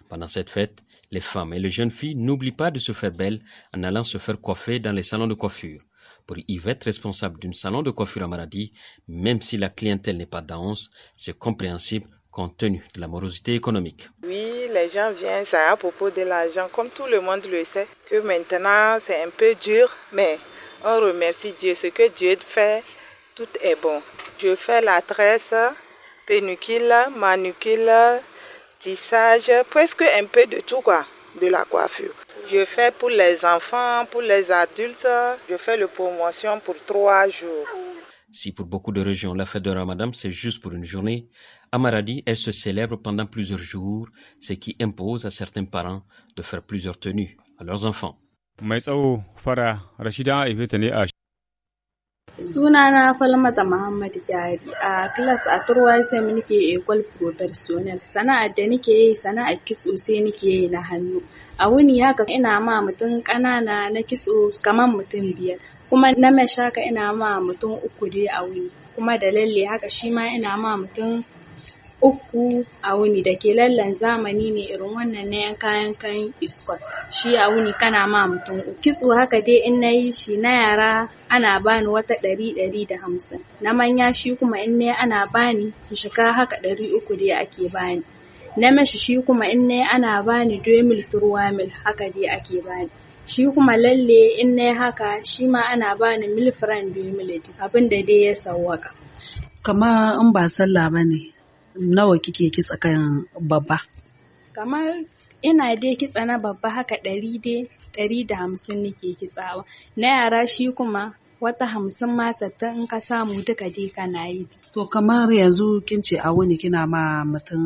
pendant cette fête les femmes et les jeunes filles n'oublient pas de se faire belle en allant se faire coiffer dans les salons de coiffure pour Yvette, responsable d'un salon de coiffure à Maradi, même si la clientèle n'est pas dense, c'est compréhensible compte tenu de la morosité économique. Oui, les gens viennent, c'est à propos de l'argent, comme tout le monde le sait, que maintenant c'est un peu dur, mais on remercie Dieu, ce que Dieu fait tout est bon. Je fais la tresse, pénicule, manucule, tissage, presque un peu de tout quoi, de la coiffure. Je fais pour les enfants, pour les adultes, je fais le promotion pour trois jours. Si pour beaucoup de régions la fête de Ramadan c'est juste pour une journée, à Maradi elle se célèbre pendant plusieurs jours, ce qui impose à certains parents de faire plusieurs tenues à leurs enfants. sunana falmata Muhammadu gyari a class a turwasem nike ecole professionnel sana'ar da nike yi sana'ar kitso sai nike yi na hannu a wuni haka ina ma mutum ƙanana na kitso kamar mutum biyar kuma na mashaka shaka ina ma mutum uku dai a wuni kuma da lalle haka shi ma ina ma mutum uku a wuni da ke lallan zamani ne irin wannan na kayan kayan iskot shi a wuni kana ma mutum uku kitso haka dai in na yi shi na yara ana bani wata ɗari ɗari da hamsin na manya shi kuma in na ana bani shiga haka ɗari uku dai ake bani na mashi shi kuma in na ana bani 2 mil haka dai ake bani shi kuma lalle in na haka shi ma ana bani mil franc 2 mil abinda dai ya sawwaka kama in ba sallah ba ne nawa kike kitsa kan babba kamar ina dai kitsa na babba haka ɗari dai da hamsin nake kitsawa na yara shi kuma wata hamsin ma sattin in ka samu duka dai kana yi to kamar yanzu kin ce a wuni kina ma mutum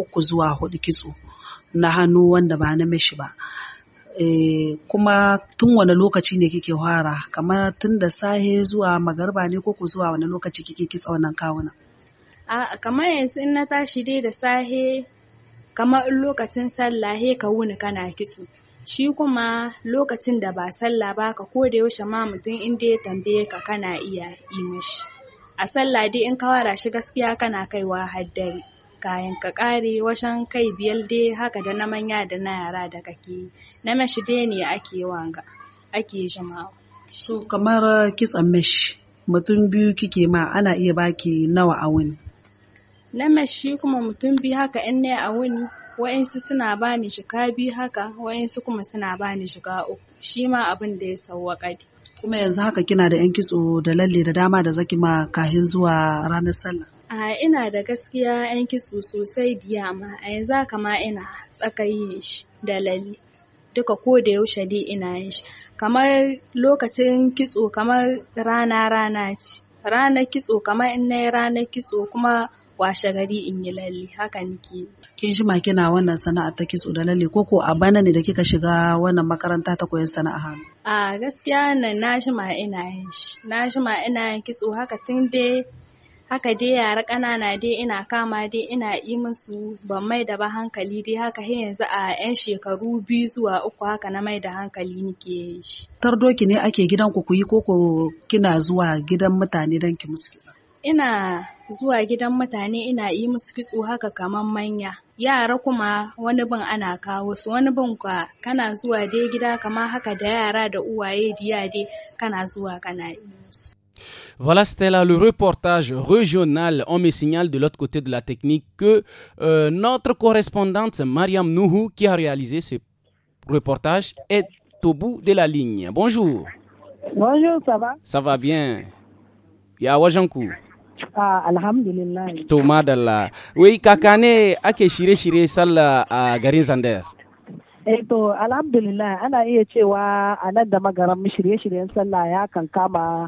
uku zuwa hudu kitso na hannu wanda ba na mishi ba eh, kuma tun wani lokaci ne kike fara kamar tun da sahe zuwa magarba ne ko ku zuwa wani lokaci kike kitsa wannan kawunan A'a kamar yanzu in na tashi dai da sahe kamar in lokacin sallah he ka wuni kana kitso. Shi kuma lokacin da ba sallah ba ka ko da yaushe ma mutum in dai ya tambaye ka kana iya yi mishi. A sallah dai in ka wara shi gaskiya kana kaiwa har dare. Kayan ka ƙare wajen kai biyar dai haka da na manya da na yara da kake yi. Na mashi dai ne ake wanga ake jama'a. So kamar kitson mesh mutum biyu kike ma ana iya baki nawa a wuni? shi kuma mutum bi haka in ne a wuni, wa'insu suna bani jika bi haka, wa'insu kuma suna bani jika uku. Shi ma abin da ya sauwaƙa Kuma yanzu haka kina da 'yan kitso da lalle da dama da zaki ma kahin zuwa ranar sallah. A ina da gaskiya 'yan kitso sosai diya ma, a yanzu haka ma ina tsakayin shi da lalle. duka ko da yaushe dai ina yin shi kamar lokacin kitso kamar rana rana ce ranar kitso kamar in nayi ranar kitso kuma washe gari in yi lalle haka nake kin jima kina wannan sana'a ta kitso da lalle ko a bana ne da kika shiga wannan makaranta ta koyon sana'a hannu a gaskiya na na jima ina yin shi na jima ina yin kitso haka tun dai haka dai yara ƙanana dai ina kama dai ina yi musu ban mai da ba hankali dai haka he yanzu a yan shekaru biyu zuwa uku haka na mai da hankali nike yi shi. Tardoki ne ake gidan ku ku yi koko kina zuwa gidan mutane don ki musu Voilà, c'était là le reportage régional. On me signale de l'autre côté de la technique que euh, notre correspondante Mariam Nouhou, qui a réalisé ce reportage, est au bout de la ligne. Bonjour. Bonjour, ça va Ça va bien. Yawajankou. Ah, alhamdulillah. To madalla. Wai kaka ne ake shirye-shirye sallah a garin Zandar? Eh to alhamdulillah ana iya cewa a nan da magaran shirye-shiryen sallah ya kan kama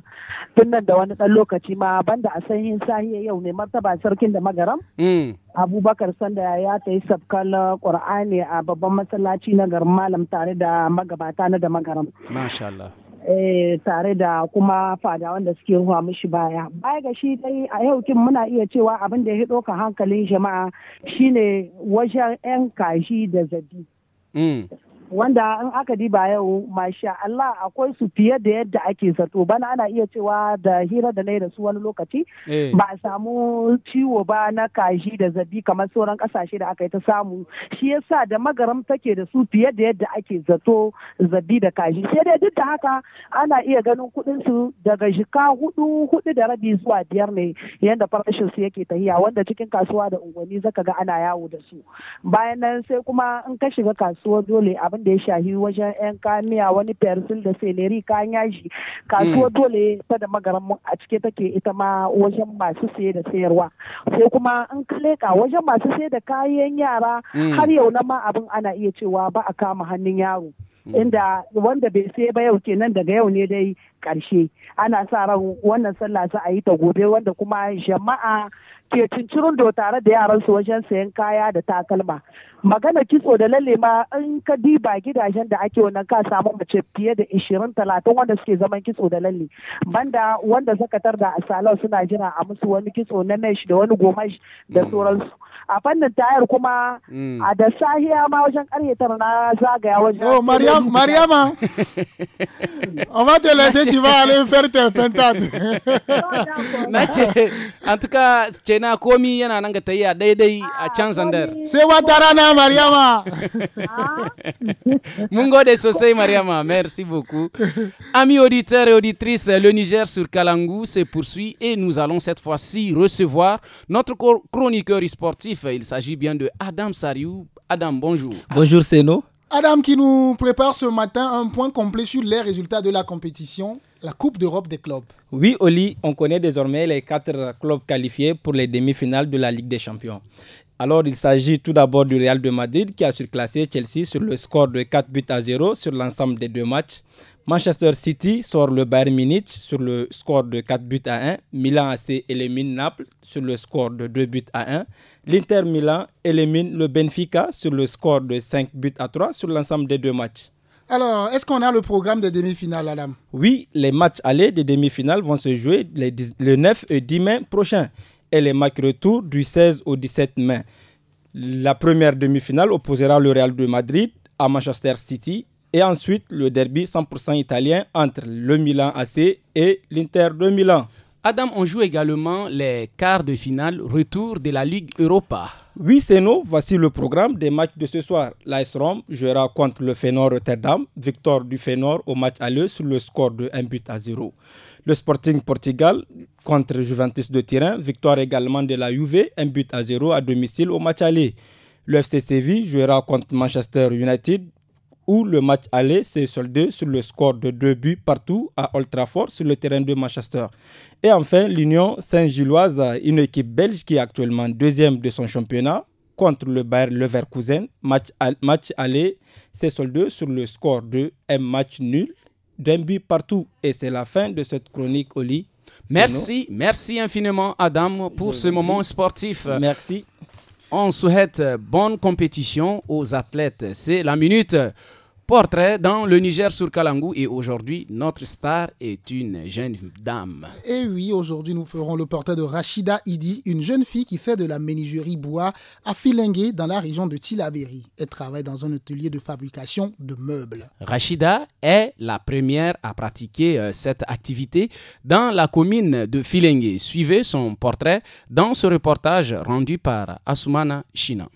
tun nan da wani ɗan lokaci ma banda a san yin sahiya yau ne martaba sarkin da magaram. Mm. Abubakar Sanda ya ta yi sabkal Qur'ani a babban masallaci na garin Malam tare da magabata na da magaram. Masha Allah. Eh, tare da kuma fada wanda suke ruwa mishi baya baya ga shi dai a yau kin muna iya cewa abin da ya ɗauka hankalin jama'a shine wajen 'yan kashi da zabi mm. wanda in aka diba yau masha Allah akwai su fiye da yadda ake zato bana ana iya cewa da hira da nai da su wani lokaci eh. ba a samu ciwo ba na kashi da zabi kamar sauran kasashe da aka yi ta samu shi yasa da magaram take da su fiye da yadda ake zato zabi da kashi sai dai duk da haka ana iya ganin kudin su daga jika hudu hudu da rabi zuwa biyar ne yadda farashin su yake tahiya wanda cikin kasuwa da unguwanni zaka ga ana yawo da su bayan nan sai kuma in ka shiga kasuwa dole a abin da ya shahi wajen yan kamiya wani persil da seleri kayan yaji kasuwa mm. dole ta da magaran a cike take ita ma wajen masu saye da sayarwa sai kuma in kaleka wajen masu saye da kayan yara mm. har yau na ma abin ana iya cewa ba a kama hannun yaro mm. inda wanda bai sai ba yau kenan daga yau ne dai karshe ana sa ran wannan sallah za a yi ta gobe wanda kuma jama'a ke cincirin do tare da yaran su wajen sayan kaya da takalma magana kitso da lalle ma in ka diba gidajen da ake wannan ka samu mace fiye da ishirin talatin wanda suke zaman kitso da lalle banda wanda zakatar da asalau suna jira a musu wani kitso na mesh da wani gomash da mm. sauransu a fannin tayar kuma mm. a da sahiya ma wajen karyatar na zagaya wajen oh mariam mariama [laughs] on va te ci ba vas aller faire [laughs] na ce an tuka ce na komi yana nan ga tayya daidai a can ah, zandar sai wata rana Mariama. Ah. Mungo de Sosei Mariama, merci beaucoup. Amis auditeurs et auditrices, le Niger sur Kalangou se poursuit et nous allons cette fois-ci recevoir notre chroniqueur sportif. Il s'agit bien de Adam Sariou. Adam, bonjour. Bonjour Seno. Adam qui nous prépare ce matin un point complet sur les résultats de la compétition, la Coupe d'Europe des clubs. Oui, Oli, on connaît désormais les quatre clubs qualifiés pour les demi-finales de la Ligue des Champions. Alors, il s'agit tout d'abord du Real de Madrid qui a surclassé Chelsea sur le score de 4 buts à 0 sur l'ensemble des deux matchs. Manchester City sort le Bayern Munich sur le score de 4 buts à 1. Milan AC élimine Naples sur le score de 2 buts à 1. L'Inter Milan élimine le Benfica sur le score de 5 buts à 3 sur l'ensemble des deux matchs. Alors, est-ce qu'on a le programme des demi-finales, Adam Oui, les matchs allés des demi-finales vont se jouer le 9 et 10 mai prochain et les matchs retour du 16 au 17 mai. La première demi-finale opposera le Real de Madrid à Manchester City et ensuite le derby 100% italien entre le Milan AC et l'Inter de Milan. Adam, on joue également les quarts de finale retour de la Ligue Europa. Oui, c'est nous. Voici le programme des matchs de ce soir. L'Ice Rome jouera contre le Feyenoord Rotterdam, victoire du Feyenoord au match aller sur le score de 1 but à 0. Le Sporting Portugal contre Juventus de Turin, victoire également de la Juve, un but à zéro à domicile au match aller. Le FC Séville jouera contre Manchester United où le match aller s'est soldé sur le score de deux buts partout à Old Trafford sur le terrain de Manchester. Et enfin, l'Union Saint-Gilloise, une équipe belge qui est actuellement deuxième de son championnat contre le Bayer Leverkusen, match, match aller s'est soldé sur le score de un match nul d'un but partout. Et c'est la fin de cette chronique, Oli. Merci, merci infiniment, Adam, pour ce moment sportif. Merci. On souhaite bonne compétition aux athlètes. C'est la minute. Portrait dans le Niger sur Kalangou et aujourd'hui notre star est une jeune dame. Et oui, aujourd'hui nous ferons le portrait de Rachida Idi, une jeune fille qui fait de la menuiserie bois à Filengue dans la région de Tilaberi. Elle travaille dans un atelier de fabrication de meubles. Rachida est la première à pratiquer euh, cette activité dans la commune de Filengue. Suivez son portrait dans ce reportage rendu par Asumana China.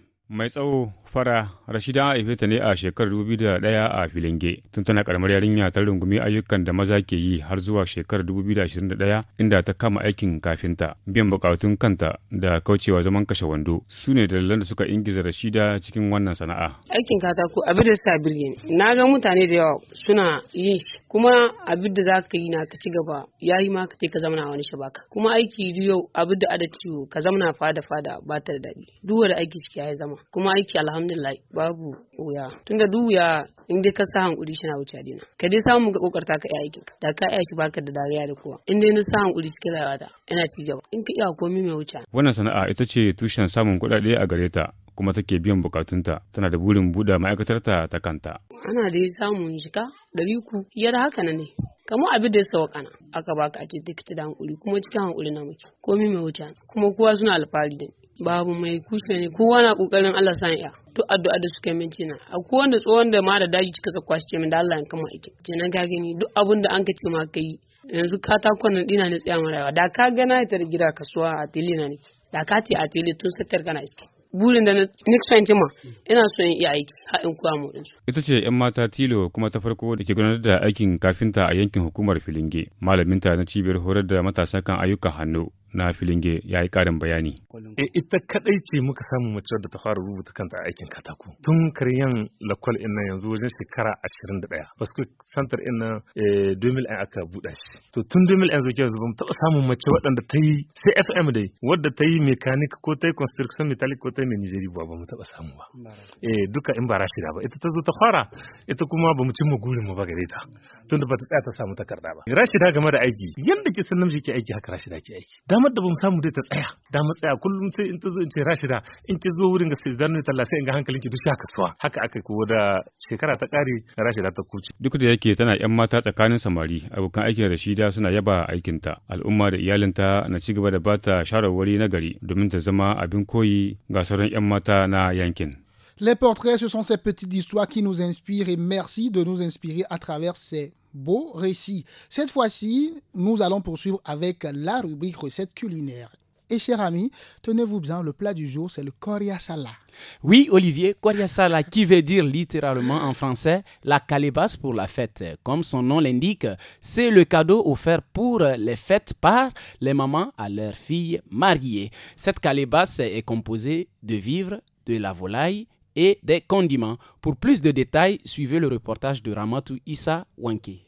Farah. Rashida an haife ta ne a shekarar 2001 a Filinge. Tun tana karamar yarinya ta rungumi ayyukan da maza ke yi har zuwa shekarar 2021 inda ta kama aikin kafinta. Biyan bukatun kanta da kaucewa zaman kashe wando su ne dalilan da suka ingiza Rashida cikin wannan sana'a. Aikin katako abin da sa birge Na ga mutane da yawa suna yin shi kuma abin da za ka yi na ka ci gaba ya yi ma ka ce ka zamana wani shabaka. Kuma aiki yau abin da ada ka zamana fada fada ba ta da daɗi. Duk aiki ciki ya zama kuma aiki alhamdulillah babu wuya tunda duk wuya in dai ka sa hankuri shi na wuce dina ka dai samu ga kokarta ka yi aikin da ka iya shi baka da dariya da kowa in dai na sa hankuri cikin rayuwata ina ci gaba in ka iya komai mai wuce wannan sana'a ita ce tushen samun kuɗaɗe a gare ta kuma take biyan bukatunta tana da burin buɗe ma'aikatar ta kanta ana da samun shika dari ku yar haka na ne kamar abin da ya na. aka baka a ce da hankuri kuma cikin hankuri na muke komai mai wuce kuma kowa suna alfahari da babu mai kushe ne kowa na kokarin Allah san ya to addu'a da suka min cina akwai wanda tsohon da ma da daji kika ka kwashe min da Allah ya kama ake kenan ga gani duk abin da an ka ce ma kai yanzu katakon nan dina ne tsaya rayuwa da ka na tar gida kasuwa a tele na ne da ka ce a tele tun sattar kana iske burin da Nick jima ina so in iya aiki haɗin in koya mu dinsu. Ita ce 'yan mata tilo kuma ta farko da ke gudanar da aikin kafinta a yankin hukumar Filinge, malaminta na cibiyar horar da matasa kan ayyukan hannu na filinge ya yi ƙarin bayani. E ita kaɗai ce muka samu mace da ta fara rubuta kanta a aikin katako. Tun karyan lakwal ɗin nan yanzu wajen shekara ashirin da ɗaya. Basku santar ɗin nan 2001 eh, aka buɗa shi. To tun 2001 zuwa yanzu mu taɓa samun mace waɗanda ta yi CFM dai wadda ta yi mechanic ko ta yi construction metallic ko ta yi menijeri ba mu taɓa samu ba. E duka in ba rashida ba ita ta zo ta fara ita kuma ba mu cimma gurin mu ba gare ta. Tunda ba ta tsaya ta samu takarda ba. Rashida game da aiki yanda ke sun namiji ke aiki haka rashida ke aiki. Dama damar da bamu samu dai ta tsaya da mu tsaya kullum sai in ta zo in ce Rashida in ki zo wurin ga sai zanni talla sai in ga hankalin duk ya kasuwa haka aka ko da shekara ta kare Rashida ta kuce duk da yake tana yan mata tsakanin samari abokan aikin Rashida suna yaba aikinta al'umma da iyalinta na ci gaba da bata shawarwari na gari domin ta zama abin koyi ga sauran yan mata na yankin Les portraits, ce sont ces petites histoires qui nous inspirent et merci de nous inspirer à travers ces beau récit. Cette fois-ci, nous allons poursuivre avec la rubrique recettes culinaires. Et cher ami, tenez-vous bien, le plat du jour, c'est le coriasala. Oui, Olivier, coriasala qui veut dire littéralement en français la calebasse pour la fête. Comme son nom l'indique, c'est le cadeau offert pour les fêtes par les mamans à leurs filles mariées. Cette calebasse est composée de vivres, de la volaille et des condiments. Pour plus de détails, suivez le reportage de Ramatou Issa Wanke.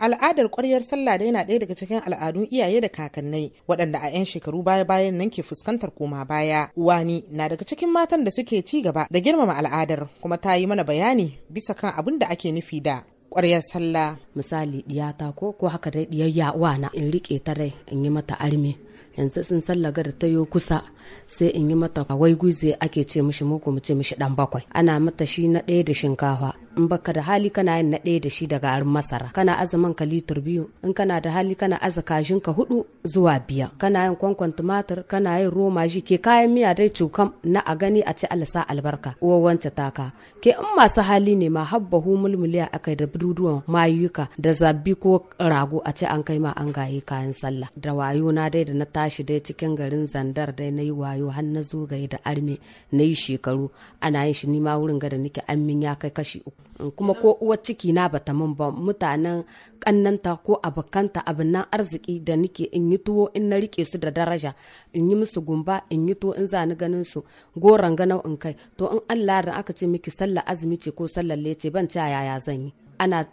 Al'adar kwaryar sallah da yana ɗaya daga cikin al'adun iyaye da kakannai waɗanda a 'yan shekaru baya-bayan nan ke fuskantar koma baya. Uwani na daga cikin matan da suke ci gaba da girmama al'adar kuma ta yi mana bayani bisa kan abin da ake nufi da kwaryar sallah. Misali ɗiyata ko ko haka dai ɗiyayya yawa na in riƙe ta rai in yi mata arme. yanzu sun sallaga da ta kusa sai in yi mata wai guze ake ce mishi muku mu ce mishi dan bakwai ana mata shi na ɗaya da shinkafa in baka da hali kana yin na ɗaya da shi daga garin masara kana azumin ka litur biyu in kana da hali kana aza ka hudu zuwa biya kana yin kwankwan tumatir kana yin roma ji ke kayan miya dai cukam na a gani a ci alisa albarka uwa wance taka ke in masu hali ne ma habba hu mulmuliya akai da bududuwan mayuka da zabi ko rago a ce an kai ma an gaye kayan sallah da wayo na dai da na tashi dai cikin garin zandar dai na yi wayo har na zo ga da arme na yi shekaru ana yin shi ni ma wurin gada nake amin ya kai kashi uku kuma ko uwar ciki na bata mun ba mutanen kannanta ko abokanta abin nan arziki da nake in yi tuwo in na rike su da daraja in yi musu gumba in yi tuwo in za ni ganin su goran ganau in kai to in Allah da aka ce miki sallar azumi ce ko sallar lece ban ce yaya zan yi ana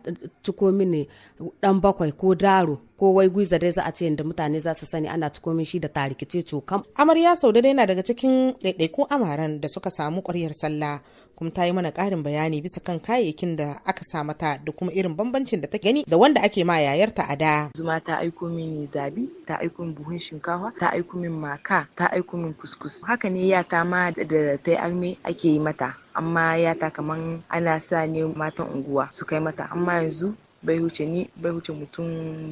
ciko mini dan bakwai ko daro ko wai gwiza dai za a ce yadda mutane za su sani ana ciko min shi da tarikice cokam. Amarya sau da yana daga cikin ɗaiɗaikun amaran da suka samu ƙwaryar sallah kuma ta yi mana ƙarin bayani bisa kan kayayyakin da aka sa mata da kuma irin bambancin da ta gani da wanda ake ma yayarta a da. Zuma ta aiko mini zabi, ta aiko min buhun shinkafa, ta aiko min maka, ta aiko min kuskus. Haka ne ya ta ma da ta yi arme ake yi mata. amma ya ta kaman ana sa ne matan unguwa su kai mata amma yanzu bai huce ni bai huce mutum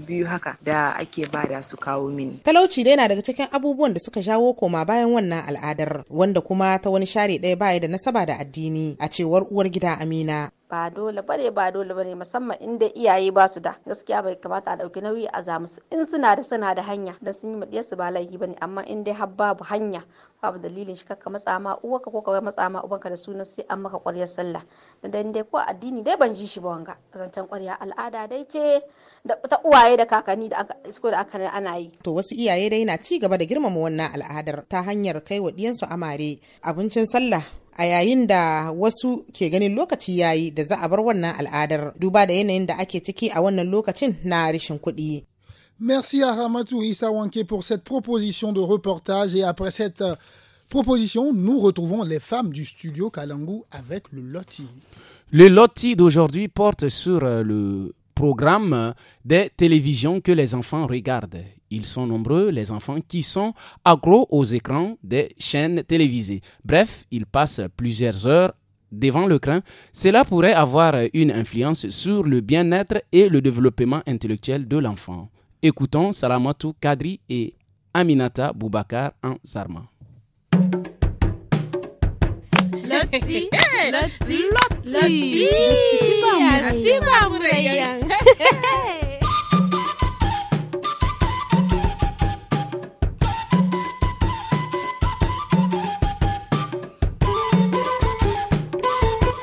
biyu haka da ake bada su kawo mini talauci dai na daga cikin abubuwan da suka jawo koma bayan wannan al'adar wanda kuma ta wani share ɗaya baya da nasaba da addini a cewar uwar gida amina ba dole bane ba dole bane musamman inda iyaye ba su da gaskiya bai kamata a dauki nauyi a zamu su in suna da sana da hanya da sun yi madiyar su ba laifi bane amma in dai har babu hanya babu dalilin shi kakka matsa ma uwarka ko ka matsa ma ubanka da sunan sai an maka kwaryar sallah dan dai ko addini dai ban ji shi ba wanga zancen kwarya al'ada dai ce da ta uwaye da kakanni da aka isko da aka ana yi to wasu iyaye dai na ci gaba da girmama wannan al'adar ta hanyar kai wa diyansu amare abincin sallah a yayin da wasu ke ganin lokaci yayi da za a bar wannan al'adar duba da yanayin da ake ciki a wannan lokacin na rashin kuɗi Merci à Ramatou Issa Wanke pour cette proposition de reportage et après cette Proposition, nous retrouvons les femmes du studio Kalangu avec le loti. Le loti d'aujourd'hui porte sur euh, le programme euh, des télévisions que les enfants regardent. Ils sont nombreux, les enfants qui sont accros aux écrans des chaînes télévisées. Bref, ils passent plusieurs heures devant le crin. cela pourrait avoir une influence sur le bien-être et le développement intellectuel de l'enfant. Écoutons Salamatou Kadri et Aminata Boubacar en Zarma. [laughs] Lotti. Lotti. Lotti. Lotti. Lotti.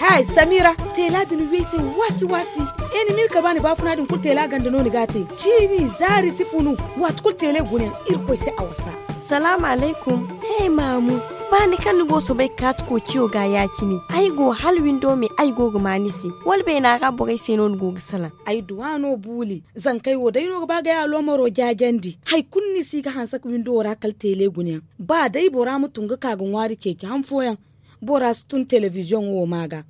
Hai Samira, tela din wese wasi wasi. Eni mirka bani bafuna din kul tela ganda noni gate. Chini zari sifunu, wat kul tele gunen irko se awasa. salamu alaikum hey mamu bani kan ni so bai kat ko ciyo ga yakini ai go hal windo me ai go gumanisi wal bai na ga bugai sai non go sala ai duwano buli zan kai wo dai no ba ga ya ro jajandi hai kunni si ga hansa windo ra kal tele gunya ba dai bora mu tunga ka gun wari keke han foyan bora stun television wo maga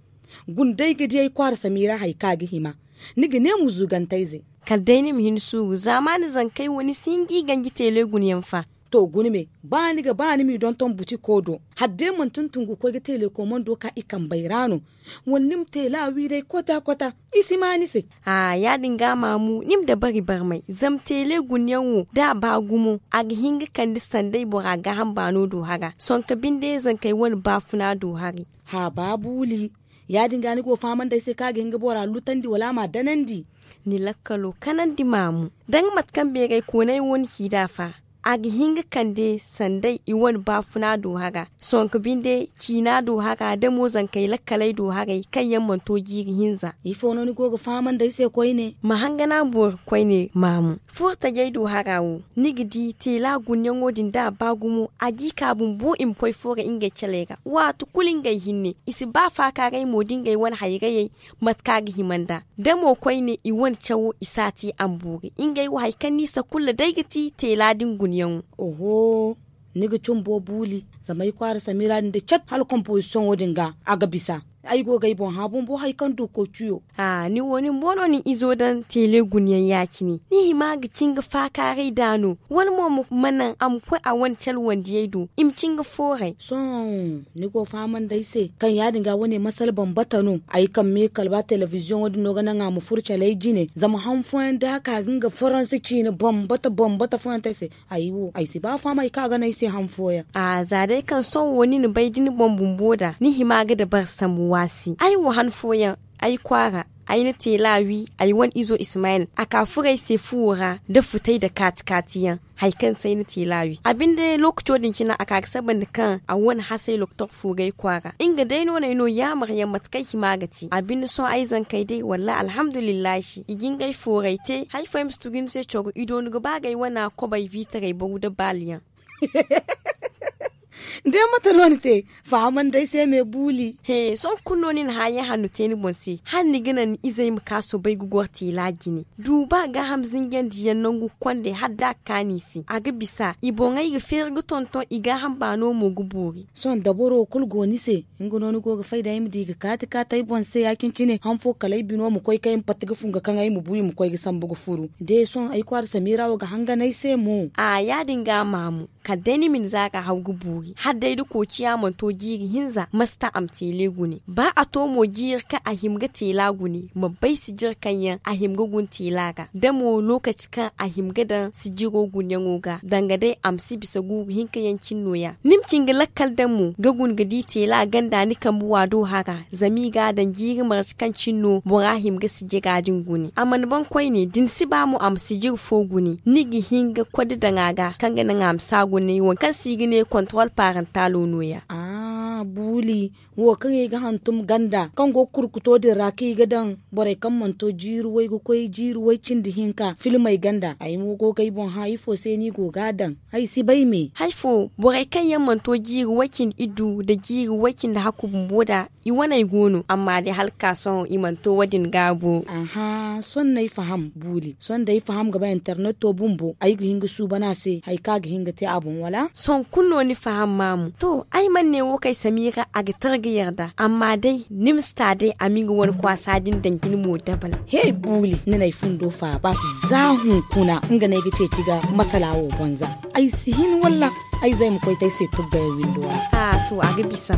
gun dai gidi ai kwar samira hai gi hima nigi ne mu zugantaize kal dai ni mihin su zamani zan kai wani singi gangi tele gunyan fa to gunime ba ni ga ba ni mi don ton buti kodo hadde mun tun tungu ko le ko do ka ikan bairano wonnim te la dai kota kota isi mani se ha ya dinga mamu nim da bari bar mai zam tele gunyan wo da ba gumo a hinga kan di sandai bora ga han bano do haga son ka binde zan kai wani ba funa do hari ha babuli ya dinga ni ko faman dai sai ka ga hinga bora lutandi wala ma danandi ni lakkalo kanan di mamu dan matkan bere ko nai won ki dafa ag hinga kande sandai iwan bafuna do haga sonk binde kina do haga da zan kai lakalai do haga kan yamman to giri hinza ifo no ni gogo faman da sai koi ne na bo koi ne mamu furta gai do haga wo nigidi tela gunyan wodin da bagumo agi bun bu in poi foga inga chalega wa to kulin gai hinne isi ba fa ka gai modin gai wan mat ka gi himanda da mo koi ne iwan chawo isati ambugi ingai wa haikan nisa kullu daigiti tela dingu yon oho nigi chumbo buli zama yi kwara samira da chat hal composition wodin ga aga bisa aigo go gai bon ha bon bo kan do ko tuyo ha ni woni mbono ni izo dan tele gunyan yaki ni ni ma ga cinga fa dano wal mo manan am ko a wan chal wan diedo im cinga fore so ni go fa man dai se kan ya dinga wani masal ban batano ai kan me kalba television wadi no ga nan am furcha lai jine zama han en da ka ginga faransi ci ni ban bata ban bata fuan ta se ai wo ai se ba fa mai ka ga nai se han ya a za dai kan son woni ni bai dini bon bumboda ni hima ga da bar samu wasi ai mu han ai kwara aina telawi ai aiwan izo ismail a kafurai se fura da futai da katikatiyan haikan sai na telawi abin da lokacin kina aka saban da kan a wani hasai lokto fugai kwara inga dai nuna ino ya maryam matkai himagati abin da ai zan kai dai wallahi alhamdulillah shi igin gai furai te haifai musu stugin sai chogo ido ni bagai wana kobai vita gai da baliya [laughs] nde mataloni te faman dai sai me buli he son kunonin haya hannu te ni bonse hanni gina ni izai mu kaso bai guguwar te lagini duba ga hamzin yan diyan nan gu kwande hadda kanisi ga bisa ibongai ga fer gu tonton iga hambano mu gubori son daboro go ni se ngono ni go ga faida yim diga kata kata i bonse yakin cine fo kalai bino mu koi kai patga funga kan ai mu buyi mu koi ga bugu furu dai son ai kwar samira ga hanga nai se mu a ya dinga mamu ka dani min za ka hau guburi har dai duko ciya manto giri hinza masta am tele ba a tomo gir ka a himga tela guni. ma bai si jir kanya a himga gun tela ga mo lokaci kan a himga dan si jiro gune ngoga danga dai amsi bisa guri hinka yancin noya nimcin ga lakkal ga gagun gadi tela ganda ni kan buwa do haka zami ga dan giri marci kan cinno burahim ga si gadin guni. aman ban kwai ne din si ba mu amsi si jir fo ni gi hinga kwadi danga ga kan ga nan amsa gune wankan sigine control parental ya ah buli wo kan gahan tum ganda kan go kurkuto da raki gadan bore kan manto jiru wai go koi jiru wai cin hinka filmai ganda ai mu go kai bon ha ifo sai ni go gadan ai si bai me haifo bore kan yan manto jiru wakin idu da jiru wakin da hakubun boda i wana gunu amma da halka son imanto wadin gabo aha son nay faham buli son dai faham gaba internet to bumbo ay gi hinga su bana se hay ka gi hinga te abun wala son kunno ni faham mamu to ai man ne wo kai samira a ga targa yarda amma dai nimsta dai aminga wani kwasa din dangin mu dabal hey buli ni nay fundo fa ba zahun kuna inga ne gice ciga masalawo banza ai sihin walla ai zai mu koitai sai tubbe windo a to a ga bisa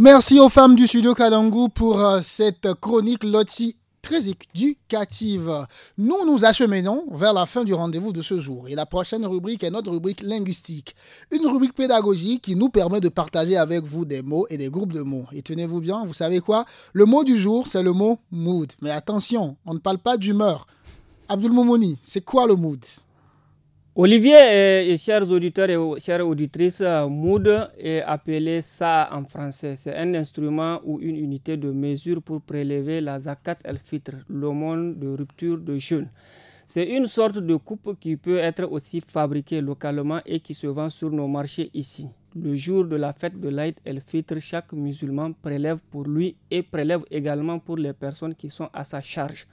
Merci aux femmes du studio Kalangu pour euh, cette chronique loti très éducative. Nous nous acheminons vers la fin du rendez-vous de ce jour et la prochaine rubrique est notre rubrique linguistique, une rubrique pédagogique qui nous permet de partager avec vous des mots et des groupes de mots. Et tenez-vous bien, vous savez quoi Le mot du jour, c'est le mot mood. Mais attention, on ne parle pas d'humeur. Abdul Momoni, c'est quoi le mood Olivier, et chers auditeurs et chères auditrices, euh, Mood est appelé ça en français. C'est un instrument ou une unité de mesure pour prélever la zakat el-fitr, l'aumône de rupture de jeûne. C'est une sorte de coupe qui peut être aussi fabriquée localement et qui se vend sur nos marchés ici. Le jour de la fête de l'Aïd el-Fitr, chaque musulman prélève pour lui et prélève également pour les personnes qui sont à sa charge.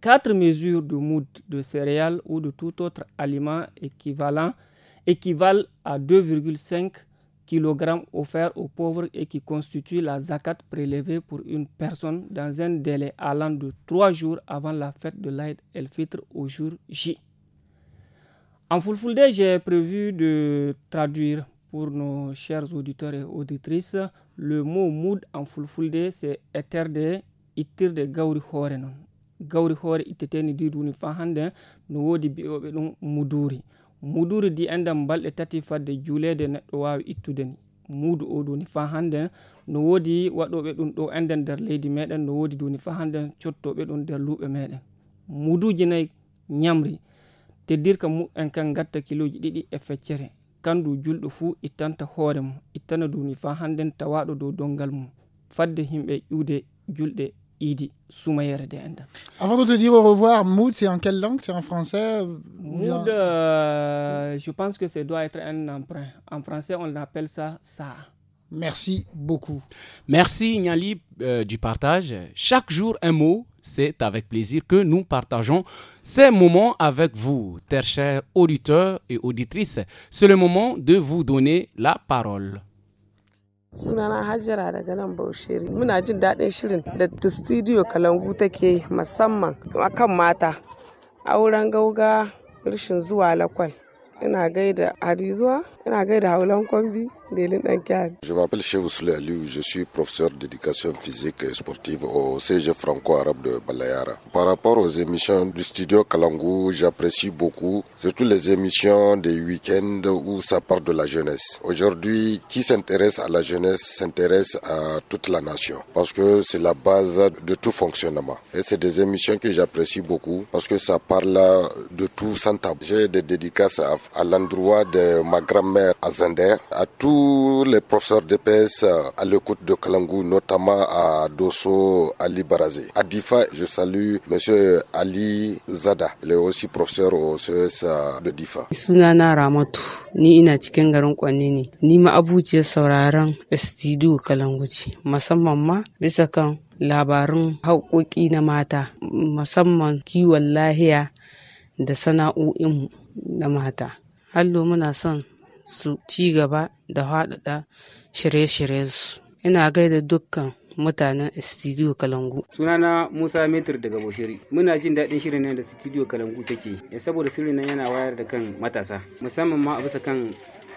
Quatre mesures de moud de céréales ou de tout autre aliment équivalent équivalent à 2,5 kg offerts aux pauvres et qui constituent la zakat prélevée pour une personne dans un délai allant de trois jours avant la fête de l'Aïd el-Fitr au jour J. En day, j'ai prévu de traduire pour nos chers auditeurs et auditrices le mot mood en Fulfulde, c'est eter de itir de gauri horenon. gawri hoore ittetendi ndi duni fa hannde no woodi mbi'oɓe ɗum muduri muduri di enden balɗe tati fadde juuleede neɗɗo waawi ittude ni muudu o duni fa hannde no woodi waɗoɓe ɗum ɗo enden nder leydi meɗen no woodi duni fa hannde cottoɓe ɗum nder luuɓe meɗen muduji nayi ñamri teddirka mu'en kan gatta kiloji ɗiɗi e feccere kandu julɗo fuu ittanta hoore mum ittana duni fa hannden tawaɗo dow dongal mum fadde himɓe ƴuwde julɗe Avant de te dire au revoir, Mood, c'est en quelle langue C'est en français Mood, euh, je pense que ça doit être un emprunt. En français, on l'appelle ça ça. Merci beaucoup. Merci Nali euh, du partage. Chaque jour un mot, c'est avec plaisir que nous partageons ces moments avec vous, très chers auditeurs et auditrices. C'est le moment de vous donner la parole. sunana hajjara daga nan baushiri muna jin daɗin shirin da ta studio kalangu take musamman akan mata auren gauga rashin zuwa lakwal ina gaida harizuwa Je m'appelle Cheikh Aliou, je suis professeur d'éducation physique et sportive au CG franco-arabe de Balayara. Par rapport aux émissions du studio Kalangou, j'apprécie beaucoup, surtout les émissions des week-ends où ça parle de la jeunesse. Aujourd'hui, qui s'intéresse à la jeunesse s'intéresse à toute la nation parce que c'est la base de tout fonctionnement. Et c'est des émissions que j'apprécie beaucoup parce que ça parle de tout sans tabou. J'ai des dédicaces à, à l'endroit de ma grand-mère primaire à Zander, à tous les professeurs d'EPS à l'écoute de Kalangou, notamment à Dosso Ali Barazé. À Difa, je salue Monsieur Ali Zada, il est aussi professeur au CES euh, de Difa. Sunana Ramatu, ni ina cikin garin ni ma abuciyar sauraron studio Kalangu ce, ma bisa kan labarun haƙoƙi na mata, musamman kiwon lahiya da sana'o'in na mata. Hallo muna son su ci gaba da faɗaɗa shirye-shiryensu. Ina gaida dukkan mutanen studio kalangu sunana musa metro daga boshiri muna jin daɗin shirin nan da studio kalangu take saboda shirin nan yana wayar da kan matasa musamman ma a bisa kan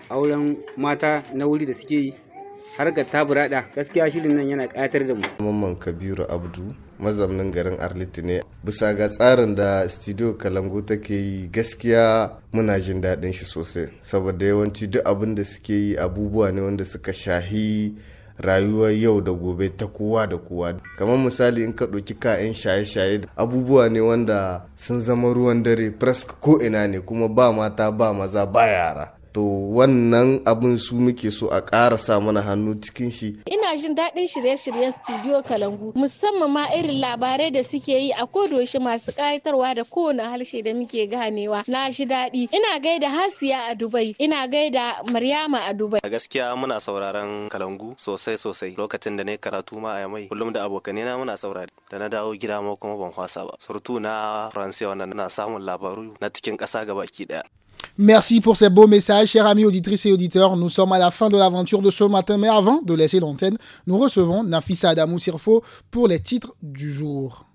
auren mata na wuri da suke yi ga ta burada gaskiya shirin nan yana ƙayatar da mu mamman kabiru abdu mazaunin garin arliti ne bisa ga tsarin da studio kalangu take yi gaskiya muna jin daɗin shi sosai saboda yawanci duk abin da suke yi abubuwa ne wanda suka shahi rayuwar yau da gobe ta kowa da kowa kamar misali in ka ɗauki ka'yan shaye-shaye abubuwa ne wanda sun zama ruwan dare ko ina ne kuma ba mata ba maza ba yara to wannan abin su muke so a ƙara sa mana hannu cikin shi ina jin daɗin shirye-shiryen studio kalangu musamman ma irin labarai da suke yi a kodoshi masu ƙayatarwa da kowane harshe da muke ganewa na shi daɗi ina gaida hasiya a dubai ina gaida maryama a dubai gaskiya muna sauraron kalangu sosai sosai lokacin da na karatu ma a yamai kullum da abokanai na muna saurari da na dawo gida ma kuma ban kwasa ba surtu na france wannan na samun labaru na cikin ƙasa gabaki ɗaya Merci pour ces beaux messages, chers amis auditrices et auditeurs. Nous sommes à la fin de l'aventure de ce matin, mais avant de laisser l'antenne, nous recevons Nafisa Adamou Sirfo pour les titres du jour.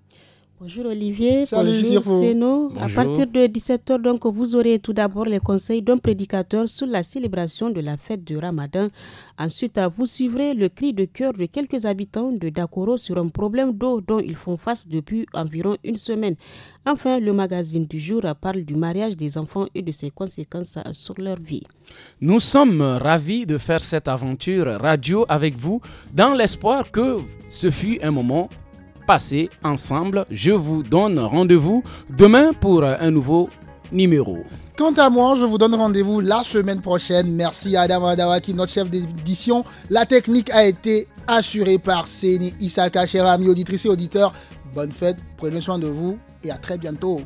Bonjour Olivier, bonjour Seno. À partir de 17h, donc, vous aurez tout d'abord les conseils d'un prédicateur sur la célébration de la fête du Ramadan. Ensuite, vous suivrez le cri de cœur de quelques habitants de Dakoro sur un problème d'eau dont ils font face depuis environ une semaine. Enfin, le magazine du jour parle du mariage des enfants et de ses conséquences sur leur vie. Nous sommes ravis de faire cette aventure radio avec vous dans l'espoir que ce fut un moment passé ensemble. Je vous donne rendez-vous demain pour un nouveau numéro. Quant à moi, je vous donne rendez-vous la semaine prochaine. Merci à Adam Adawaki, notre chef d'édition. La technique a été assurée par Seni Isaka, chers amis auditrices et auditeurs. Bonne fête, prenez soin de vous et à très bientôt.